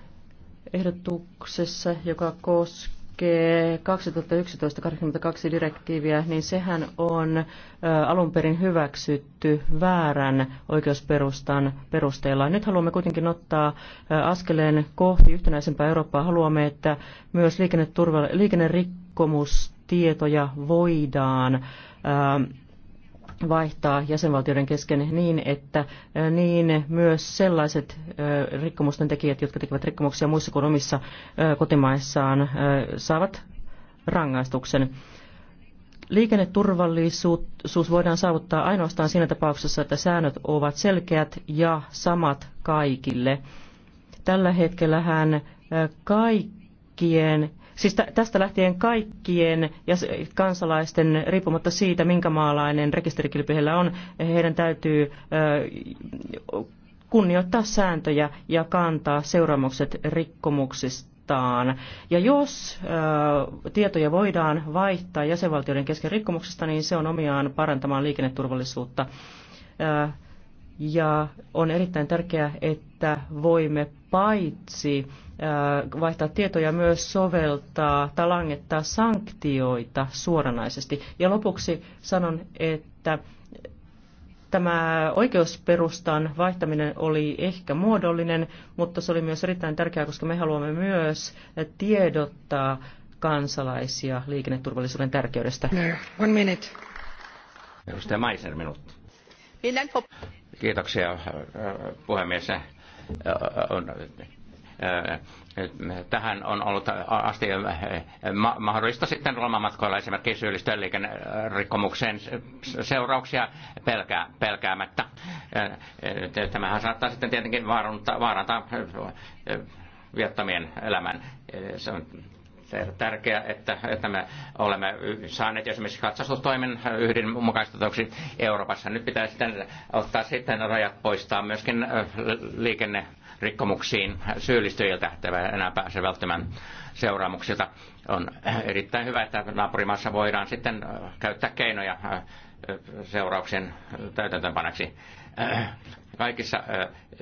ehdotuksessa, joka koskee 2011-82 direktiiviä, niin sehän on alun perin hyväksytty väärän oikeusperustan perusteella. Nyt haluamme kuitenkin ottaa askeleen kohti yhtenäisempää Eurooppaa. Haluamme, että myös liikennerikkomustietoja voidaan vaihtaa jäsenvaltioiden kesken niin, että niin myös sellaiset rikkomusten tekijät, jotka tekevät rikkomuksia muissa kuin omissa kotimaissaan, saavat rangaistuksen. Liikenneturvallisuus voidaan saavuttaa ainoastaan siinä tapauksessa, että säännöt ovat selkeät ja samat kaikille. Tällä hetkellähän kaikkien Siis tästä lähtien kaikkien ja kansalaisten, riippumatta siitä, minkä maalainen rekisterikilpi heillä on, heidän täytyy kunnioittaa sääntöjä ja kantaa seuraamukset rikkomuksistaan. Ja jos ö, tietoja voidaan vaihtaa jäsenvaltioiden kesken rikkomuksista, niin se on omiaan parantamaan liikenneturvallisuutta. Ö, ja on erittäin tärkeää, että voimme paitsi vaihtaa tietoja myös soveltaa tai langettaa sanktioita suoranaisesti. Ja lopuksi sanon, että tämä oikeusperustan vaihtaminen oli ehkä muodollinen, mutta se oli myös erittäin tärkeää, koska me haluamme myös tiedottaa kansalaisia liikenneturvallisuuden tärkeydestä. One minute.
Edustaja Maiser, minuutti. Kiitoksia äh, puhemies. Äh, äh, tähän on ollut asti mahdollista sitten lomamatkoilla esimerkiksi syyllistöön liikennerikkomukseen seurauksia pelkää, pelkäämättä. Tämähän saattaa sitten tietenkin vaarantaa, vaarantaa viettämien elämän. Se on tärkeää, että, että me olemme saaneet esimerkiksi katsastustoimen yhdenmukaistetuksi Euroopassa. Nyt pitää sitten ottaa sitten rajat poistaa myöskin liikennerikkomuksiin rikkomuksiin syyllistyjiltä enää pääse välttämään seuraamuksilta. On erittäin hyvä, että naapurimaassa voidaan sitten käyttää keinoja seurauksien täytäntöönpanaksi Kaikissa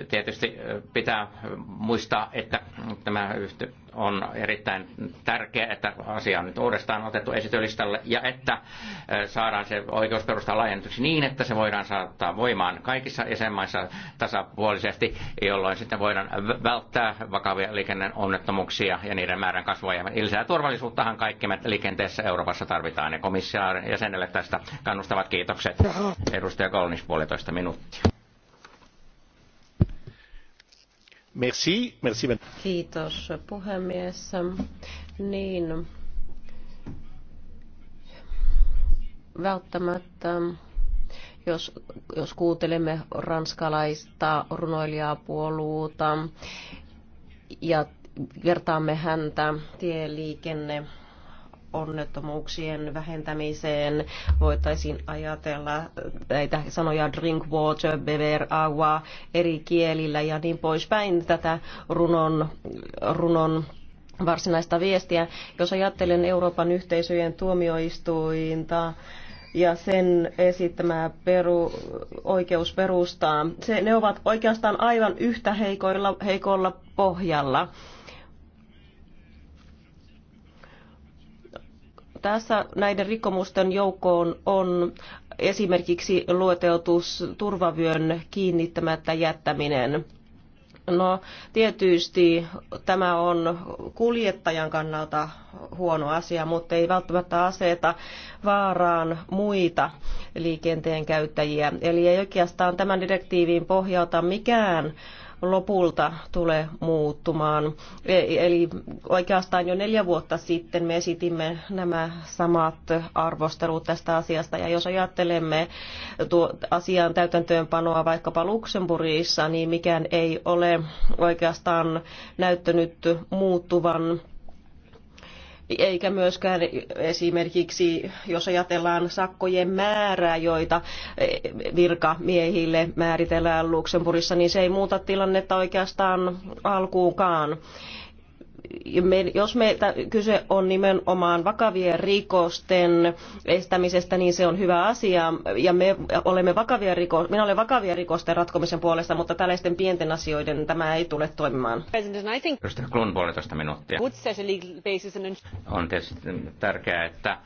tietysti pitää muistaa, että tämä on erittäin tärkeä että asia on nyt uudestaan otettu esityslistalle ja että saadaan se oikeusperusta laajennetuksi niin, että se voidaan saattaa voimaan kaikissa jäsenmaissa tasapuolisesti, jolloin sitten voidaan välttää vakavia liikenneonnettomuuksia ja niiden määrän kasvua. Ja lisää turvallisuuttahan kaikki me liikenteessä Euroopassa tarvitaan ja komissaari jäsenelle tästä kannustavat kiitokset. Edustaja Kolnis, puolitoista minuuttia. Merci, merci.
Kiitos puhemies. Niin, välttämättä jos, jos kuuntelemme ranskalaista runoilijaa ja vertaamme häntä tieliikenne onnettomuuksien vähentämiseen. Voitaisiin ajatella näitä sanoja drink water, bever agua eri kielillä ja niin poispäin tätä runon, runon varsinaista viestiä. Jos ajattelen Euroopan yhteisöjen tuomioistuinta, ja sen esittämää peru, oikeusperustaa. Se, ne ovat oikeastaan aivan yhtä heikoilla, heikolla pohjalla Tässä näiden rikkomusten joukkoon on esimerkiksi lueteltus turvavyön kiinnittämättä jättäminen. No tietysti tämä on kuljettajan kannalta huono asia, mutta ei välttämättä aseta vaaraan muita liikenteen käyttäjiä. Eli ei oikeastaan tämän direktiivin pohjalta mikään lopulta tule muuttumaan. E, eli oikeastaan jo neljä vuotta sitten me esitimme nämä samat arvostelut tästä asiasta. Ja jos ajattelemme tuo asian täytäntöönpanoa vaikkapa Luxemburgissa, niin mikään ei ole oikeastaan näyttänyt muuttuvan eikä myöskään esimerkiksi, jos ajatellaan sakkojen määrää, joita e, virkamiehille määritellään Luxemburgissa, niin se ei muuta tilannetta oikeastaan alkuunkaan jos me, kyse on nimenomaan vakavien rikosten estämisestä, niin se on hyvä asia. Ja me olemme vakavia riko, minä olen vakavien rikosten ratkomisen puolesta, mutta tällaisten pienten asioiden tämä ei tule toimimaan.
minuuttia. On tietysti tärkeää, että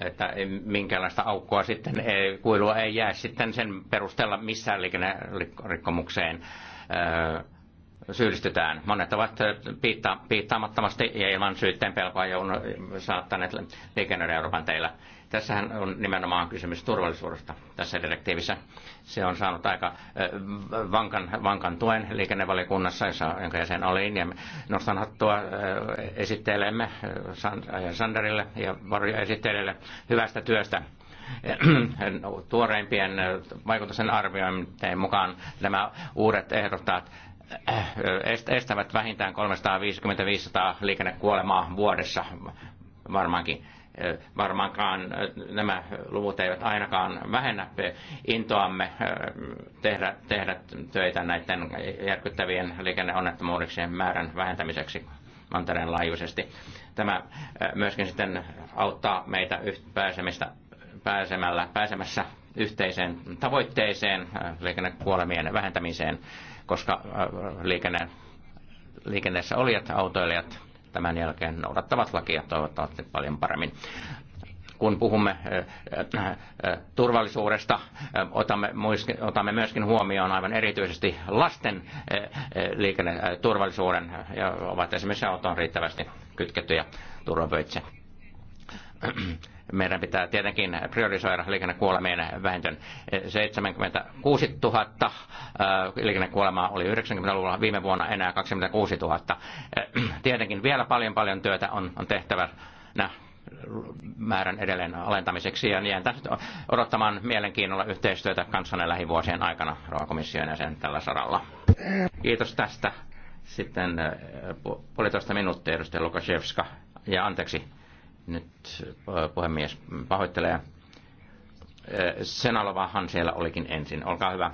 että minkälaista aukkoa sitten, kuilua ei jää sitten sen perusteella missään liikennerikkomukseen. Öö, syyllistytään. Monet ovat eh, piitta, piittaamattomasti ja ilman syytteen pelkoa jo saattaneet liikennöidä Euroopan teillä. Tässähän on nimenomaan kysymys turvallisuudesta tässä direktiivissä. Se on saanut aika eh, vankan, vankan tuen liikennevaliokunnassa, jonka jäsen olin. Ja nostan hattua eh, esitteellemme Sanderille ja esitteelle hyvästä työstä tuoreimpien vaikutusten arvioimien mukaan nämä uudet ehdotat. Äh, estävät vähintään 350-500 liikennekuolemaa vuodessa varmaankin. Äh, varmaankaan äh, nämä luvut eivät ainakaan vähennä intoamme tehdä, tehdä töitä näiden järkyttävien liikenneonnettomuuksien määrän vähentämiseksi mantereen laajuisesti. Tämä myöskin sitten auttaa meitä pääsemistä, pääsemällä, pääsemässä yhteiseen tavoitteeseen liikennekuolemien vähentämiseen koska äh, liikenne, liikenteessä olijat, autoilijat tämän jälkeen noudattavat lakia toivottavasti paljon paremmin kun puhumme äh, äh, turvallisuudesta, otamme, otamme myöskin huomioon aivan erityisesti lasten liikenneturvallisuuden ja ovat esimerkiksi autoon riittävästi kytkettyjä turvavöitse meidän pitää tietenkin priorisoida liikennekuolemien vähentön. 76 000 äh, liikennekuolemaa oli 90-luvulla viime vuonna enää 26 000. Äh, tietenkin vielä paljon paljon työtä on, on tehtävänä määrän edelleen alentamiseksi ja niin odottamaan mielenkiinnolla yhteistyötä kanssanne lähivuosien aikana ruokomission ja sen tällä saralla. Kiitos tästä. Sitten äh, puolitoista minuuttia edustaja Lukashevska ja anteeksi nyt puhemies pahoittelee. Senalovahan siellä olikin ensin. Olkaa hyvä.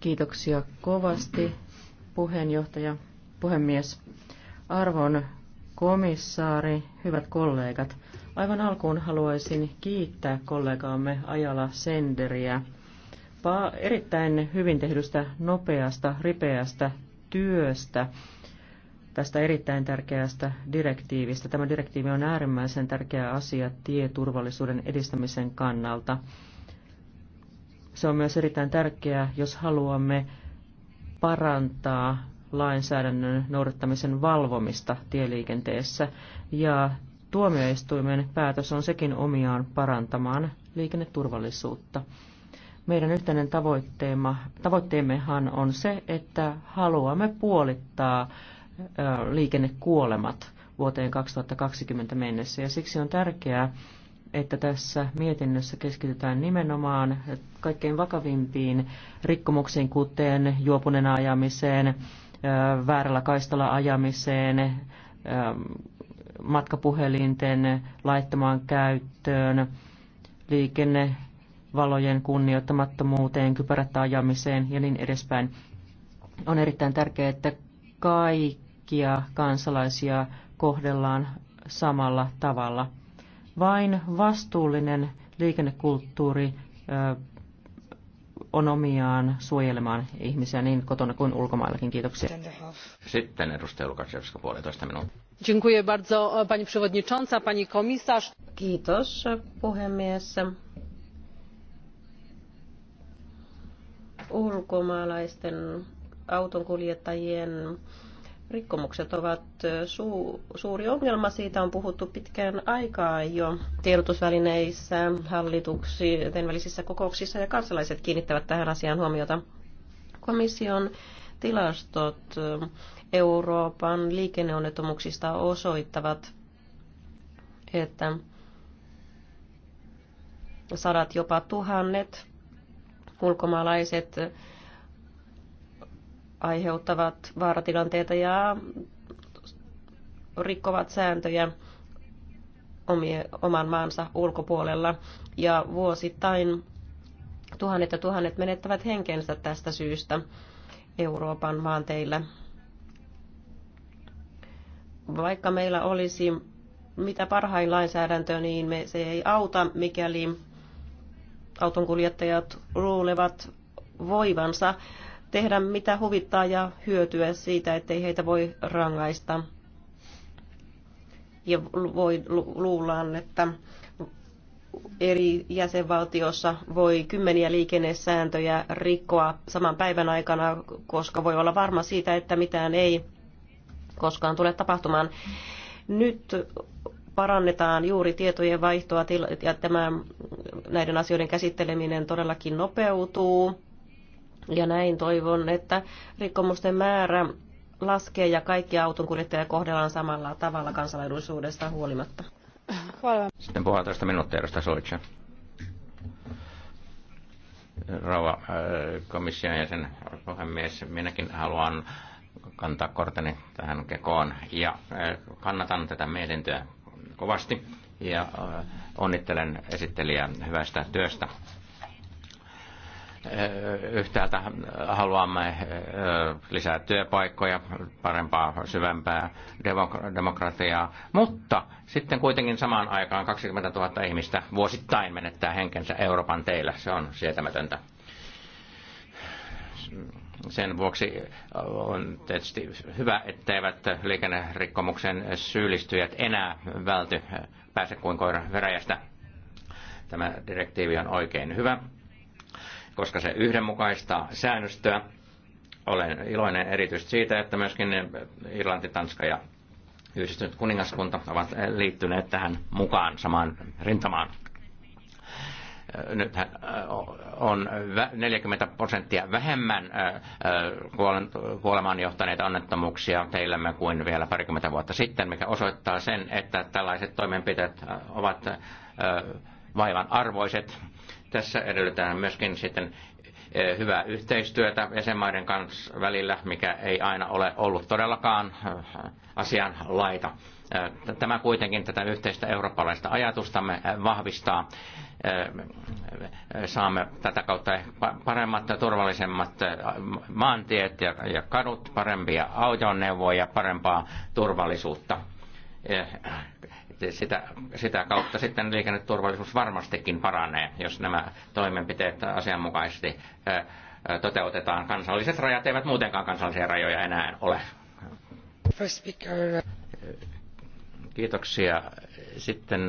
Kiitoksia kovasti puheenjohtaja, puhemies, arvon komissaari, hyvät kollegat. Aivan alkuun haluaisin kiittää kollegaamme Ajala Senderiä erittäin hyvin tehdystä nopeasta, ripeästä työstä tästä erittäin tärkeästä direktiivistä. Tämä direktiivi on äärimmäisen tärkeä asia tieturvallisuuden edistämisen kannalta. Se on myös erittäin tärkeää, jos haluamme parantaa lainsäädännön noudattamisen valvomista tieliikenteessä. Ja tuomioistuimen päätös on sekin omiaan parantamaan liikenneturvallisuutta. Meidän yhteinen tavoitteemmehan on se, että haluamme puolittaa liikennekuolemat vuoteen 2020 mennessä. Ja siksi on tärkeää, että tässä mietinnössä keskitytään nimenomaan kaikkein vakavimpiin rikkomuksiin, kuten juopunen ajamiseen, väärällä kaistalla ajamiseen, matkapuhelinten laittamaan käyttöön, liikennevalojen kunnioittamattomuuteen, kypärättä ajamiseen ja niin edespäin. On erittäin tärkeää, että kaikki kaikkia kansalaisia kohdellaan samalla tavalla. Vain vastuullinen liikennekulttuuri on omiaan suojelemaan ihmisiä niin kotona kuin ulkomaillakin.
Kiitoksia. Sitten edustaja Lukasjevska, puolitoista minuuttia.
Dziękuję bardzo, e, pani
przewodnicząca, pani komisarz. Kiitos, puhemies. Ulkomaalaisten autonkuljettajien Rikkomukset ovat su- suuri ongelma. Siitä on puhuttu pitkään aikaa jo tiedotusvälineissä, hallituksien välisissä kokouksissa ja kansalaiset kiinnittävät tähän asiaan huomiota. Komission tilastot Euroopan liikenneonnettomuuksista osoittavat, että sadat jopa tuhannet ulkomaalaiset aiheuttavat vaaratilanteita ja rikkovat sääntöjä omie, oman maansa ulkopuolella. Ja vuosittain tuhannet ja tuhannet menettävät henkensä tästä syystä Euroopan maanteillä. Vaikka meillä olisi mitä parhain lainsäädäntö, niin me, se ei auta, mikäli autonkuljettajat luulevat voivansa tehdä mitä huvittaa ja hyötyä siitä, ettei heitä voi rangaista. Ja voi, luullaan, että eri jäsenvaltiossa voi kymmeniä liikennesääntöjä rikkoa saman päivän aikana, koska voi olla varma siitä, että mitään ei koskaan tule tapahtumaan. Nyt parannetaan juuri tietojen vaihtoa ja tämä, näiden asioiden käsitteleminen todellakin nopeutuu ja näin toivon, että rikkomusten määrä laskee ja kaikki autonkuljettajia kohdellaan samalla tavalla kansalaisuudesta huolimatta.
Sitten tästä minuuttia edustaja Solitsa. Rouva äh, komission jäsen puhemies, minäkin haluan kantaa korteni tähän kekoon ja äh, kannatan tätä mietintöä kovasti ja äh, onnittelen esittelijää hyvästä työstä Eh, yhtäältä haluamme eh, lisää työpaikkoja, parempaa, syvempää demokratiaa, mutta sitten kuitenkin samaan aikaan 20 000 ihmistä vuosittain menettää henkensä Euroopan teillä. Se on sietämätöntä. Sen vuoksi on tietysti hyvä, etteivät liikennerikkomuksen syyllistyjät enää välty pääse kuin koira veräjästä. Tämä direktiivi on oikein hyvä koska se yhdenmukaistaa säännöstöä. Olen iloinen erityisesti siitä, että myöskin Irlanti, Tanska ja yhdistynyt kuningaskunta ovat liittyneet tähän mukaan samaan rintamaan. Nyt on 40 prosenttia vähemmän kuolemaan johtaneita onnettomuuksia teillämme kuin vielä parikymmentä vuotta sitten, mikä osoittaa sen, että tällaiset toimenpiteet ovat vaivan arvoiset tässä edellytetään myöskin sitten eh, hyvää yhteistyötä jäsenmaiden kanssa välillä, mikä ei aina ole ollut todellakaan eh, asian laita. Eh, tämä kuitenkin tätä yhteistä eurooppalaista ajatustamme vahvistaa. Saamme tätä kautta paremmat ja turvallisemmat maantiet ja kadut, parempia autoneuvoja, parempaa turvallisuutta sitä, sitä kautta sitten liikenneturvallisuus varmastikin paranee, jos nämä toimenpiteet asianmukaisesti toteutetaan. Kansalliset rajat eivät muutenkaan kansallisia rajoja enää ole. Kiitoksia. Sitten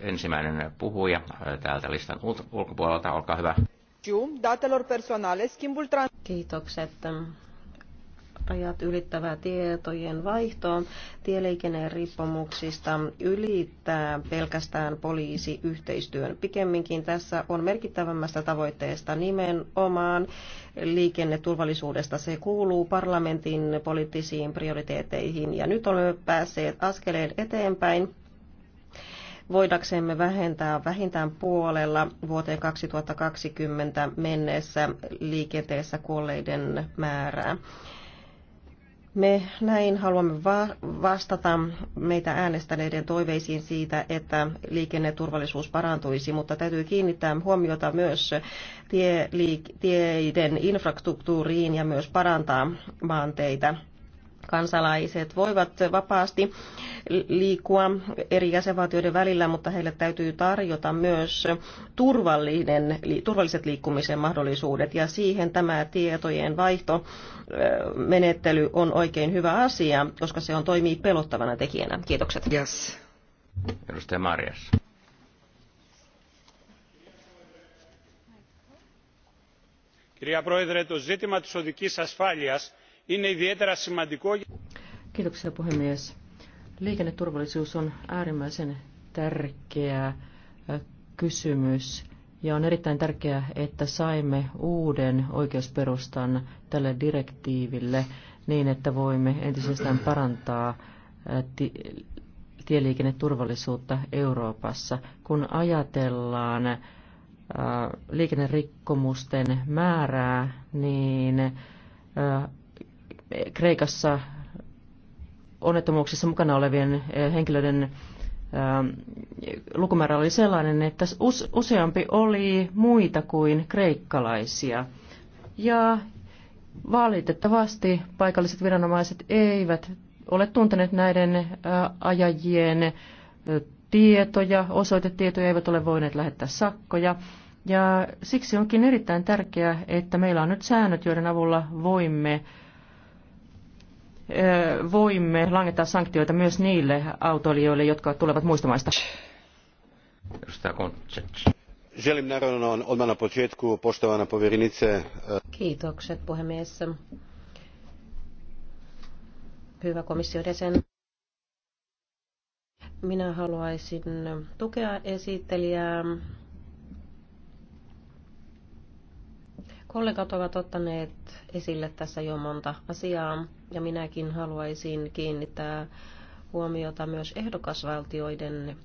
ensimmäinen puhuja täältä listan ulkopuolelta, olkaa hyvä.
Kiitokset rajat ylittävää tietojen vaihtoa riippumuksista ylittää pelkästään poliisiyhteistyön. Pikemminkin tässä on merkittävämmästä tavoitteesta nimenomaan liikenneturvallisuudesta. Se kuuluu parlamentin poliittisiin prioriteetteihin ja nyt olemme päässeet askeleen eteenpäin voidaksemme vähentää vähintään puolella vuoteen 2020 mennessä liikenteessä kuolleiden määrää. Me näin haluamme vastata meitä äänestäneiden toiveisiin siitä, että liikenneturvallisuus parantuisi, mutta täytyy kiinnittää huomiota myös tie, liik, tieiden infrastruktuuriin ja myös parantaa maanteitä kansalaiset voivat vapaasti liikkua eri jäsenvaltioiden välillä, mutta heille täytyy tarjota myös turvallinen, turvalliset liikkumisen mahdollisuudet ja siihen tämä tietojen vaihto menettely on oikein hyvä asia, koska se on toimii pelottavana tekijänä. Kiitokset. Yes.
Edustaja Marjas.
Κυρία Πρόεδρε, το ζήτημα της οδικής ασφάλειας είναι ιδιαίτερα σημαντικό.
Kiitoksia puhemies. Liikenneturvallisuus on äärimmäisen tärkeä kysymys ja on erittäin tärkeää, että saimme uuden oikeusperustan tälle direktiiville niin, että voimme entisestään parantaa tieliikenneturvallisuutta Euroopassa. Kun ajatellaan liikennerikkomusten määrää, niin Kreikassa onnettomuuksissa mukana olevien eh, henkilöiden eh, lukumäärä oli sellainen, että useampi oli muita kuin kreikkalaisia. Ja valitettavasti paikalliset viranomaiset eivät ole tunteneet näiden eh, ajajien tietoja, osoitetietoja, eivät ole voineet lähettää sakkoja. Ja siksi onkin erittäin tärkeää, että meillä on nyt säännöt, joiden avulla voimme voimme langettaa sanktioita myös niille autoilijoille, jotka tulevat muista maista.
E,
Kiitokset puhemies. Hyvä komission jäsen. Minä haluaisin tukea esittelijää. Kollegat ovat ottaneet esille tässä jo monta asiaa ja minäkin haluaisin kiinnittää huomiota myös ehdokasvaltioiden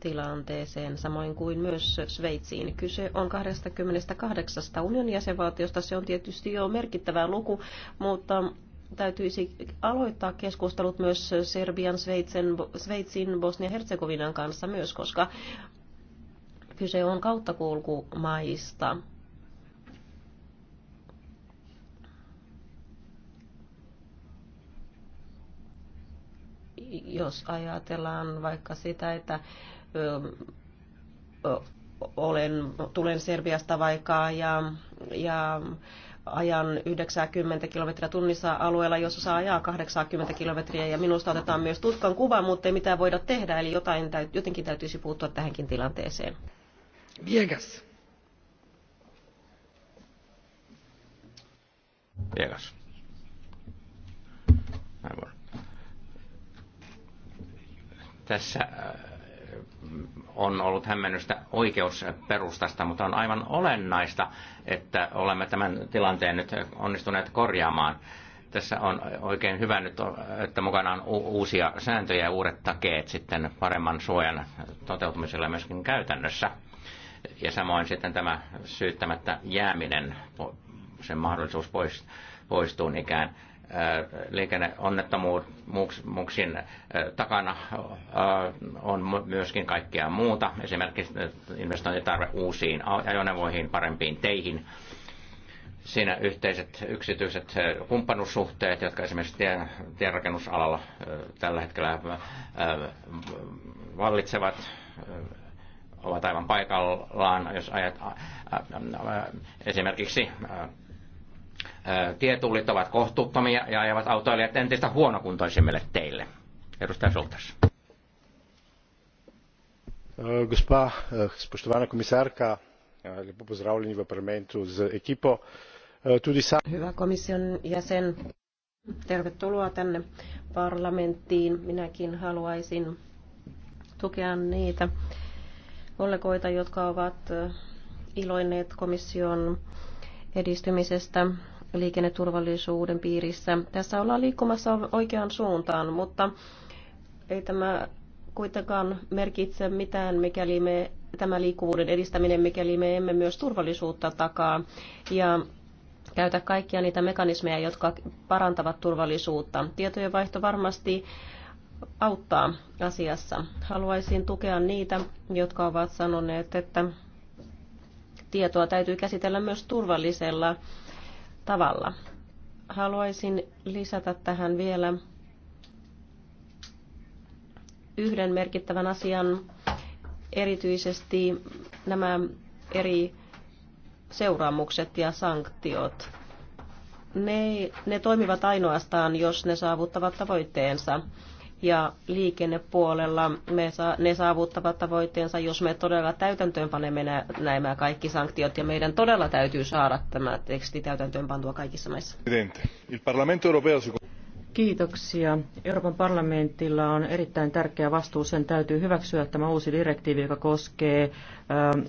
tilanteeseen, samoin kuin myös Sveitsiin. Kyse on 28 unionin jäsenvaltiosta. Se on tietysti jo merkittävä luku, mutta täytyisi aloittaa keskustelut myös Serbian, Sveitsin, Sveitsin Bosnia-Herzegovinan kanssa myös, koska kyse on kauttakulkumaista. jos ajatellaan vaikka sitä, että olen, tulen Serbiasta vaikka ja, ja ajan 90 kilometriä tunnissa alueella, jossa saa ajaa 80 kilometriä ja minusta otetaan myös tutkan kuva, mutta ei mitään voida tehdä, eli jotain, jotenkin täytyisi puuttua tähänkin tilanteeseen. Viegas.
Viegas. Aivan. Tässä äh, on ollut hämmennystä oikeusperustasta, mutta on aivan olennaista, että olemme tämän tilanteen nyt onnistuneet korjaamaan. Tässä on oikein hyvä nyt, että mukana on uusia sääntöjä ja uudet takeet sitten paremman suojan toteutumisella myöskin käytännössä. Ja samoin sitten tämä syyttämättä jääminen, sen mahdollisuus poistuu ikään Äh, liikenneonnettomuuksien äh, takana äh, on myöskin kaikkea muuta, esimerkiksi investointitarve uusiin ajoneuvoihin, parempiin teihin. Siinä yhteiset yksityiset kumppanuussuhteet, jotka esimerkiksi tienrakennusalalla tällä hetkellä vallitsevat, ovat aivan paikallaan, jos ajat, esimerkiksi tietullit ovat kohtuuttomia ja ajavat autoilijat entistä huonokuntoisemmille teille. Edustaja Soltas.
Gospa, spoštovana komisarka, lepo
pozdravljeni v parlamentu z ekipo. Tudi
Hyvä komission jäsen, tervetuloa tänne parlamenttiin. Minäkin haluaisin tukea niitä kollegoita, jotka ovat iloinneet komission edistymisestä liikenneturvallisuuden piirissä. Tässä ollaan liikkumassa oikeaan suuntaan, mutta ei tämä kuitenkaan merkitse mitään, mikäli me tämä liikkuvuuden edistäminen, mikäli me emme myös turvallisuutta takaa ja käytä kaikkia niitä mekanismeja, jotka parantavat turvallisuutta. Tietojenvaihto varmasti auttaa asiassa. Haluaisin tukea niitä, jotka ovat sanoneet, että tietoa täytyy käsitellä myös turvallisella tavalla. Haluaisin lisätä tähän vielä yhden merkittävän asian, erityisesti nämä eri seuraamukset ja sanktiot. Ne, ne toimivat ainoastaan, jos ne saavuttavat tavoitteensa ja liikennepuolella me saa, ne saavuttavat tavoitteensa, jos me todella täytäntöön panemme nämä kaikki sanktiot ja meidän todella
täytyy saada tämä teksti täytäntöön pantua kaikissa maissa. Kiitoksia. Euroopan parlamentilla on erittäin tärkeä vastuu. Sen täytyy hyväksyä tämä uusi direktiivi, joka koskee ähm,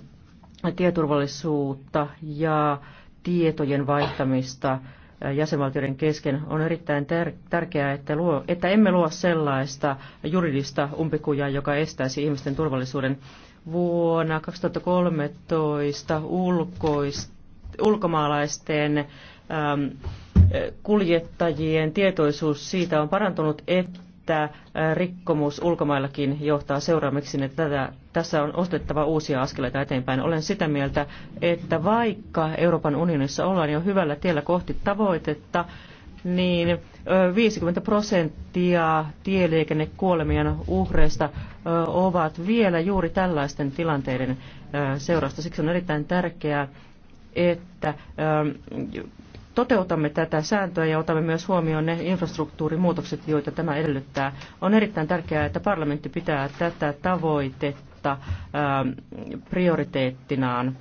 tieturvallisuutta ja tietojen vaihtamista jäsenvaltioiden kesken. On erittäin tärkeää, että, luo, että emme luo sellaista juridista umpikujaa, joka estäisi ihmisten turvallisuuden. Vuonna 2013 ulkoist, ulkomaalaisten äm, kuljettajien tietoisuus siitä on parantunut, että että rikkomus ulkomaillakin johtaa seuraamiksi, että niin tätä, tässä on ostettava uusia askeleita eteenpäin. Olen sitä mieltä, että vaikka Euroopan unionissa ollaan jo hyvällä tiellä kohti tavoitetta, niin 50 prosenttia tieliikennekuolemien uhreista ovat vielä juuri tällaisten tilanteiden seurasta. Siksi on erittäin tärkeää, että toteutamme tätä sääntöä ja otamme myös huomioon ne infrastruktuurimuutokset, joita tämä edellyttää. On erittäin tärkeää, että parlamentti pitää tätä tavoitetta ähm, prioriteettinaan.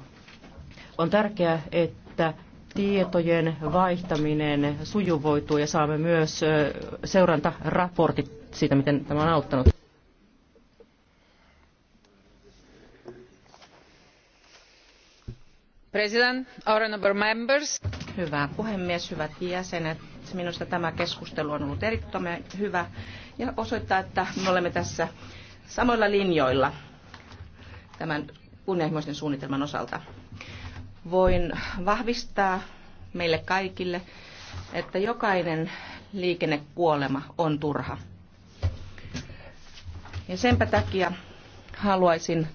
On tärkeää, että tietojen vaihtaminen sujuvoituu ja saamme myös äh, seurantaraportit siitä, miten tämä on auttanut.
President, honorable members. Hyvä puhemies, hyvät jäsenet. Minusta tämä keskustelu on ollut erittäin hyvä ja osoittaa, että me olemme tässä samoilla linjoilla tämän kunnianhimoisen suunnitelman osalta. Voin vahvistaa meille kaikille, että jokainen liikennekuolema on turha. Ja senpä takia haluaisin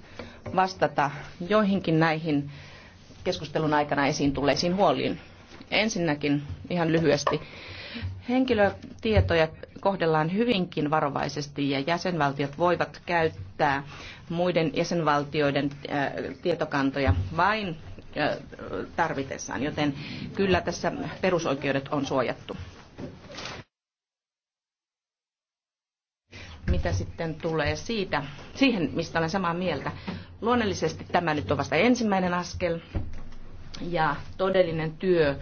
vastata joihinkin näihin keskustelun aikana esiin tulleisiin huoliin. Ensinnäkin ihan lyhyesti. Henkilötietoja kohdellaan hyvinkin varovaisesti ja jäsenvaltiot voivat käyttää muiden jäsenvaltioiden äh, tietokantoja vain äh, tarvitessaan, joten kyllä tässä perusoikeudet on suojattu. Mitä sitten tulee siitä, siihen, mistä olen samaa mieltä. Luonnollisesti tämä nyt on vasta ensimmäinen askel ja todellinen työ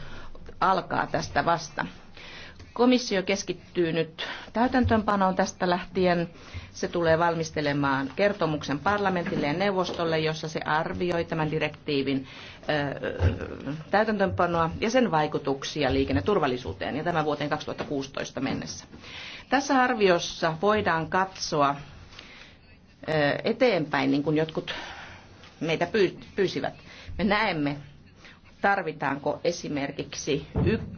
alkaa tästä vasta. Komissio keskittyy nyt täytäntöönpanoon tästä lähtien. Se tulee valmistelemaan kertomuksen parlamentille ja neuvostolle, jossa se arvioi tämän direktiivin täytäntöönpanoa ja sen vaikutuksia liikenneturvallisuuteen ja tämän vuoteen 2016 mennessä. Tässä arviossa voidaan katsoa eteenpäin, niin kuin jotkut meitä pyysivät. Me näemme tarvitaanko esimerkiksi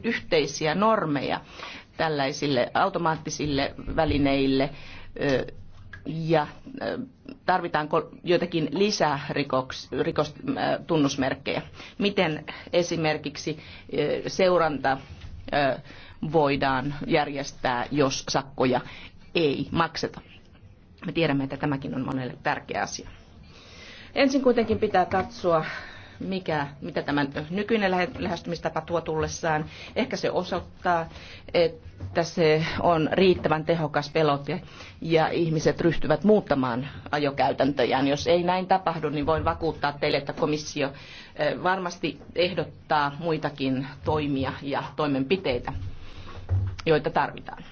yhteisiä normeja tällaisille automaattisille välineille ja tarvitaanko joitakin lisärikostunnusmerkkejä? Miten esimerkiksi seuranta voidaan järjestää, jos sakkoja ei makseta? Me tiedämme, että tämäkin on monelle tärkeä asia. Ensin kuitenkin pitää katsoa mikä, mitä tämä nykyinen lähestymistapa tuo tullessaan. Ehkä se osoittaa, että se on riittävän tehokas pelote ja ihmiset ryhtyvät muuttamaan ajokäytäntöjään. Jos ei näin tapahdu, niin voin vakuuttaa teille, että komissio eh, varmasti ehdottaa muitakin toimia ja toimenpiteitä, joita tarvitaan.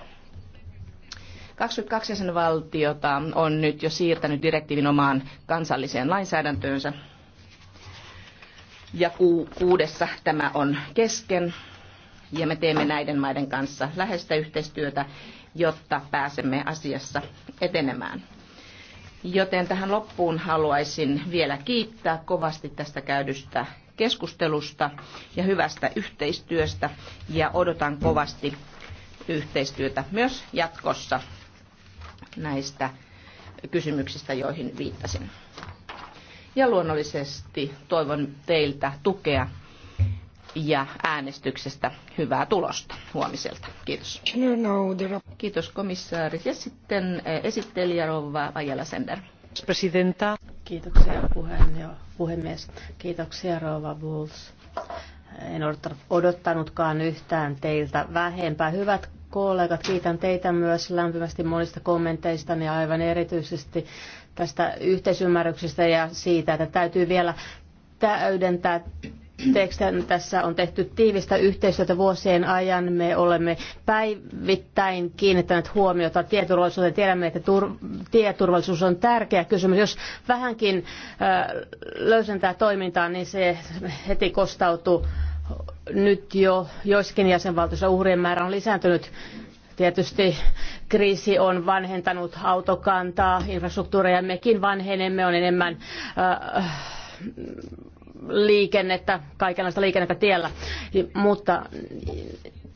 22 jäsenvaltiota on nyt jo siirtänyt direktiivin omaan kansalliseen lainsäädäntöönsä ja kuudessa tämä on kesken. Ja me teemme näiden maiden kanssa läheistä yhteistyötä, jotta pääsemme asiassa etenemään. Joten tähän loppuun haluaisin vielä kiittää kovasti tästä käydystä keskustelusta ja hyvästä yhteistyöstä ja odotan kovasti yhteistyötä myös jatkossa näistä kysymyksistä, joihin viittasin. Ja luonnollisesti toivon teiltä tukea ja äänestyksestä hyvää tulosta huomiselta. Kiitos. Kiitos komissaari. Ja sitten eh, esittelijä Rova Vajela Sender. Presidenta. Kiitoksia puhemies. Kiitoksia Rova
Bulls. En odottanutkaan yhtään teiltä vähempää. Hyvät kollegat, kiitän teitä myös lämpimästi monista kommenteista ja aivan erityisesti tästä yhteisymmärryksestä ja siitä, että täytyy vielä täydentää tekstiä. Tässä on tehty tiivistä yhteistyötä vuosien ajan. Me olemme päivittäin kiinnittäneet huomiota tieturvallisuuteen. Tiedämme, että tur- tieturvallisuus on tärkeä kysymys. Jos vähänkin äh, löysentää toimintaa, niin se heti kostautuu nyt jo joissakin jäsenvaltioissa uhrien määrä on lisääntynyt. Tietysti kriisi on vanhentanut autokantaa, infrastruktuuria, mekin vanhenemme, on enemmän äh, liikennettä, kaikenlaista liikennettä tiellä, mutta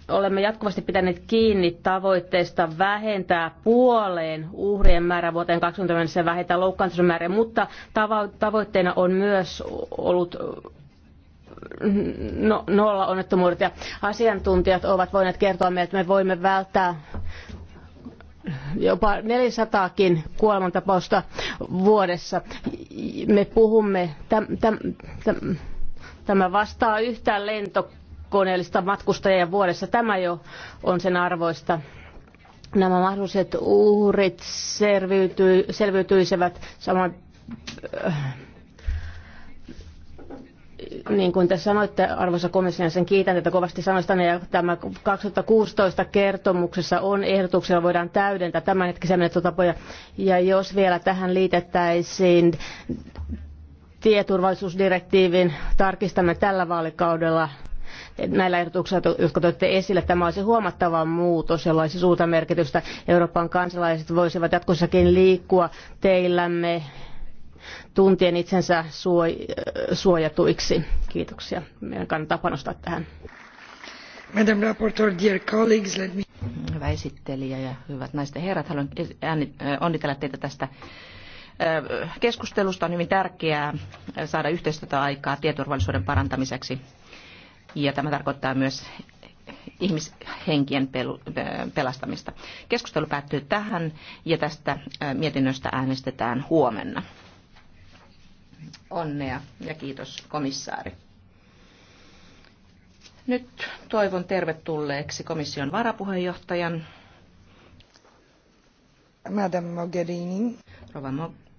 olemme jatkuvasti pitäneet kiinni tavoitteesta vähentää puoleen uhrien määrä vuoteen 2020 vähentää loukkaantumisen määrä, mutta tavoitteena on myös ollut No, nolla onnettomuudet ja asiantuntijat ovat voineet kertoa meille, että me voimme välttää jopa 400kin kuolemantapausta vuodessa. Me puhumme, täm, täm, täm, tämä vastaa yhtään lentokoneellista matkustajia vuodessa. Tämä jo on sen arvoista nämä mahdolliset uhrit selviytyisivät saman äh, niin kuin te sanoitte, arvoisa komission sen kiitän tätä kovasti sanoista, ja tämä 2016 kertomuksessa on ehdotuksella voidaan täydentää hetkisen menettelytapoja, ja jos vielä tähän liitettäisiin tieturvallisuusdirektiivin tarkistamme tällä vaalikaudella näillä ehdotuksilla, jotka toitte esille, tämä olisi huomattava muutos, jolla olisi suurta merkitystä. Euroopan kansalaiset voisivat jatkossakin liikkua teillämme tuntien itsensä suojatuiksi. Kiitoksia. Meidän kannattaa panostaa tähän.
Madam Rapporteur, dear colleagues, let
me... Hyvä esittelijä ja hyvät naiset ja herrat, haluan äh, onnitella teitä tästä äh, keskustelusta. On hyvin tärkeää äh, saada yhteistyötä aikaa tietoturvallisuuden parantamiseksi. Ja tämä tarkoittaa myös ihmishenkien pelastamista. Keskustelu päättyy tähän ja tästä mietinnöstä äänestetään huomenna. Onnea ja kiitos komissaari. Nyt toivon tervetulleeksi komission varapuheenjohtajan.
Madame Mogherini. Rova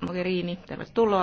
Mogherini, tervetuloa.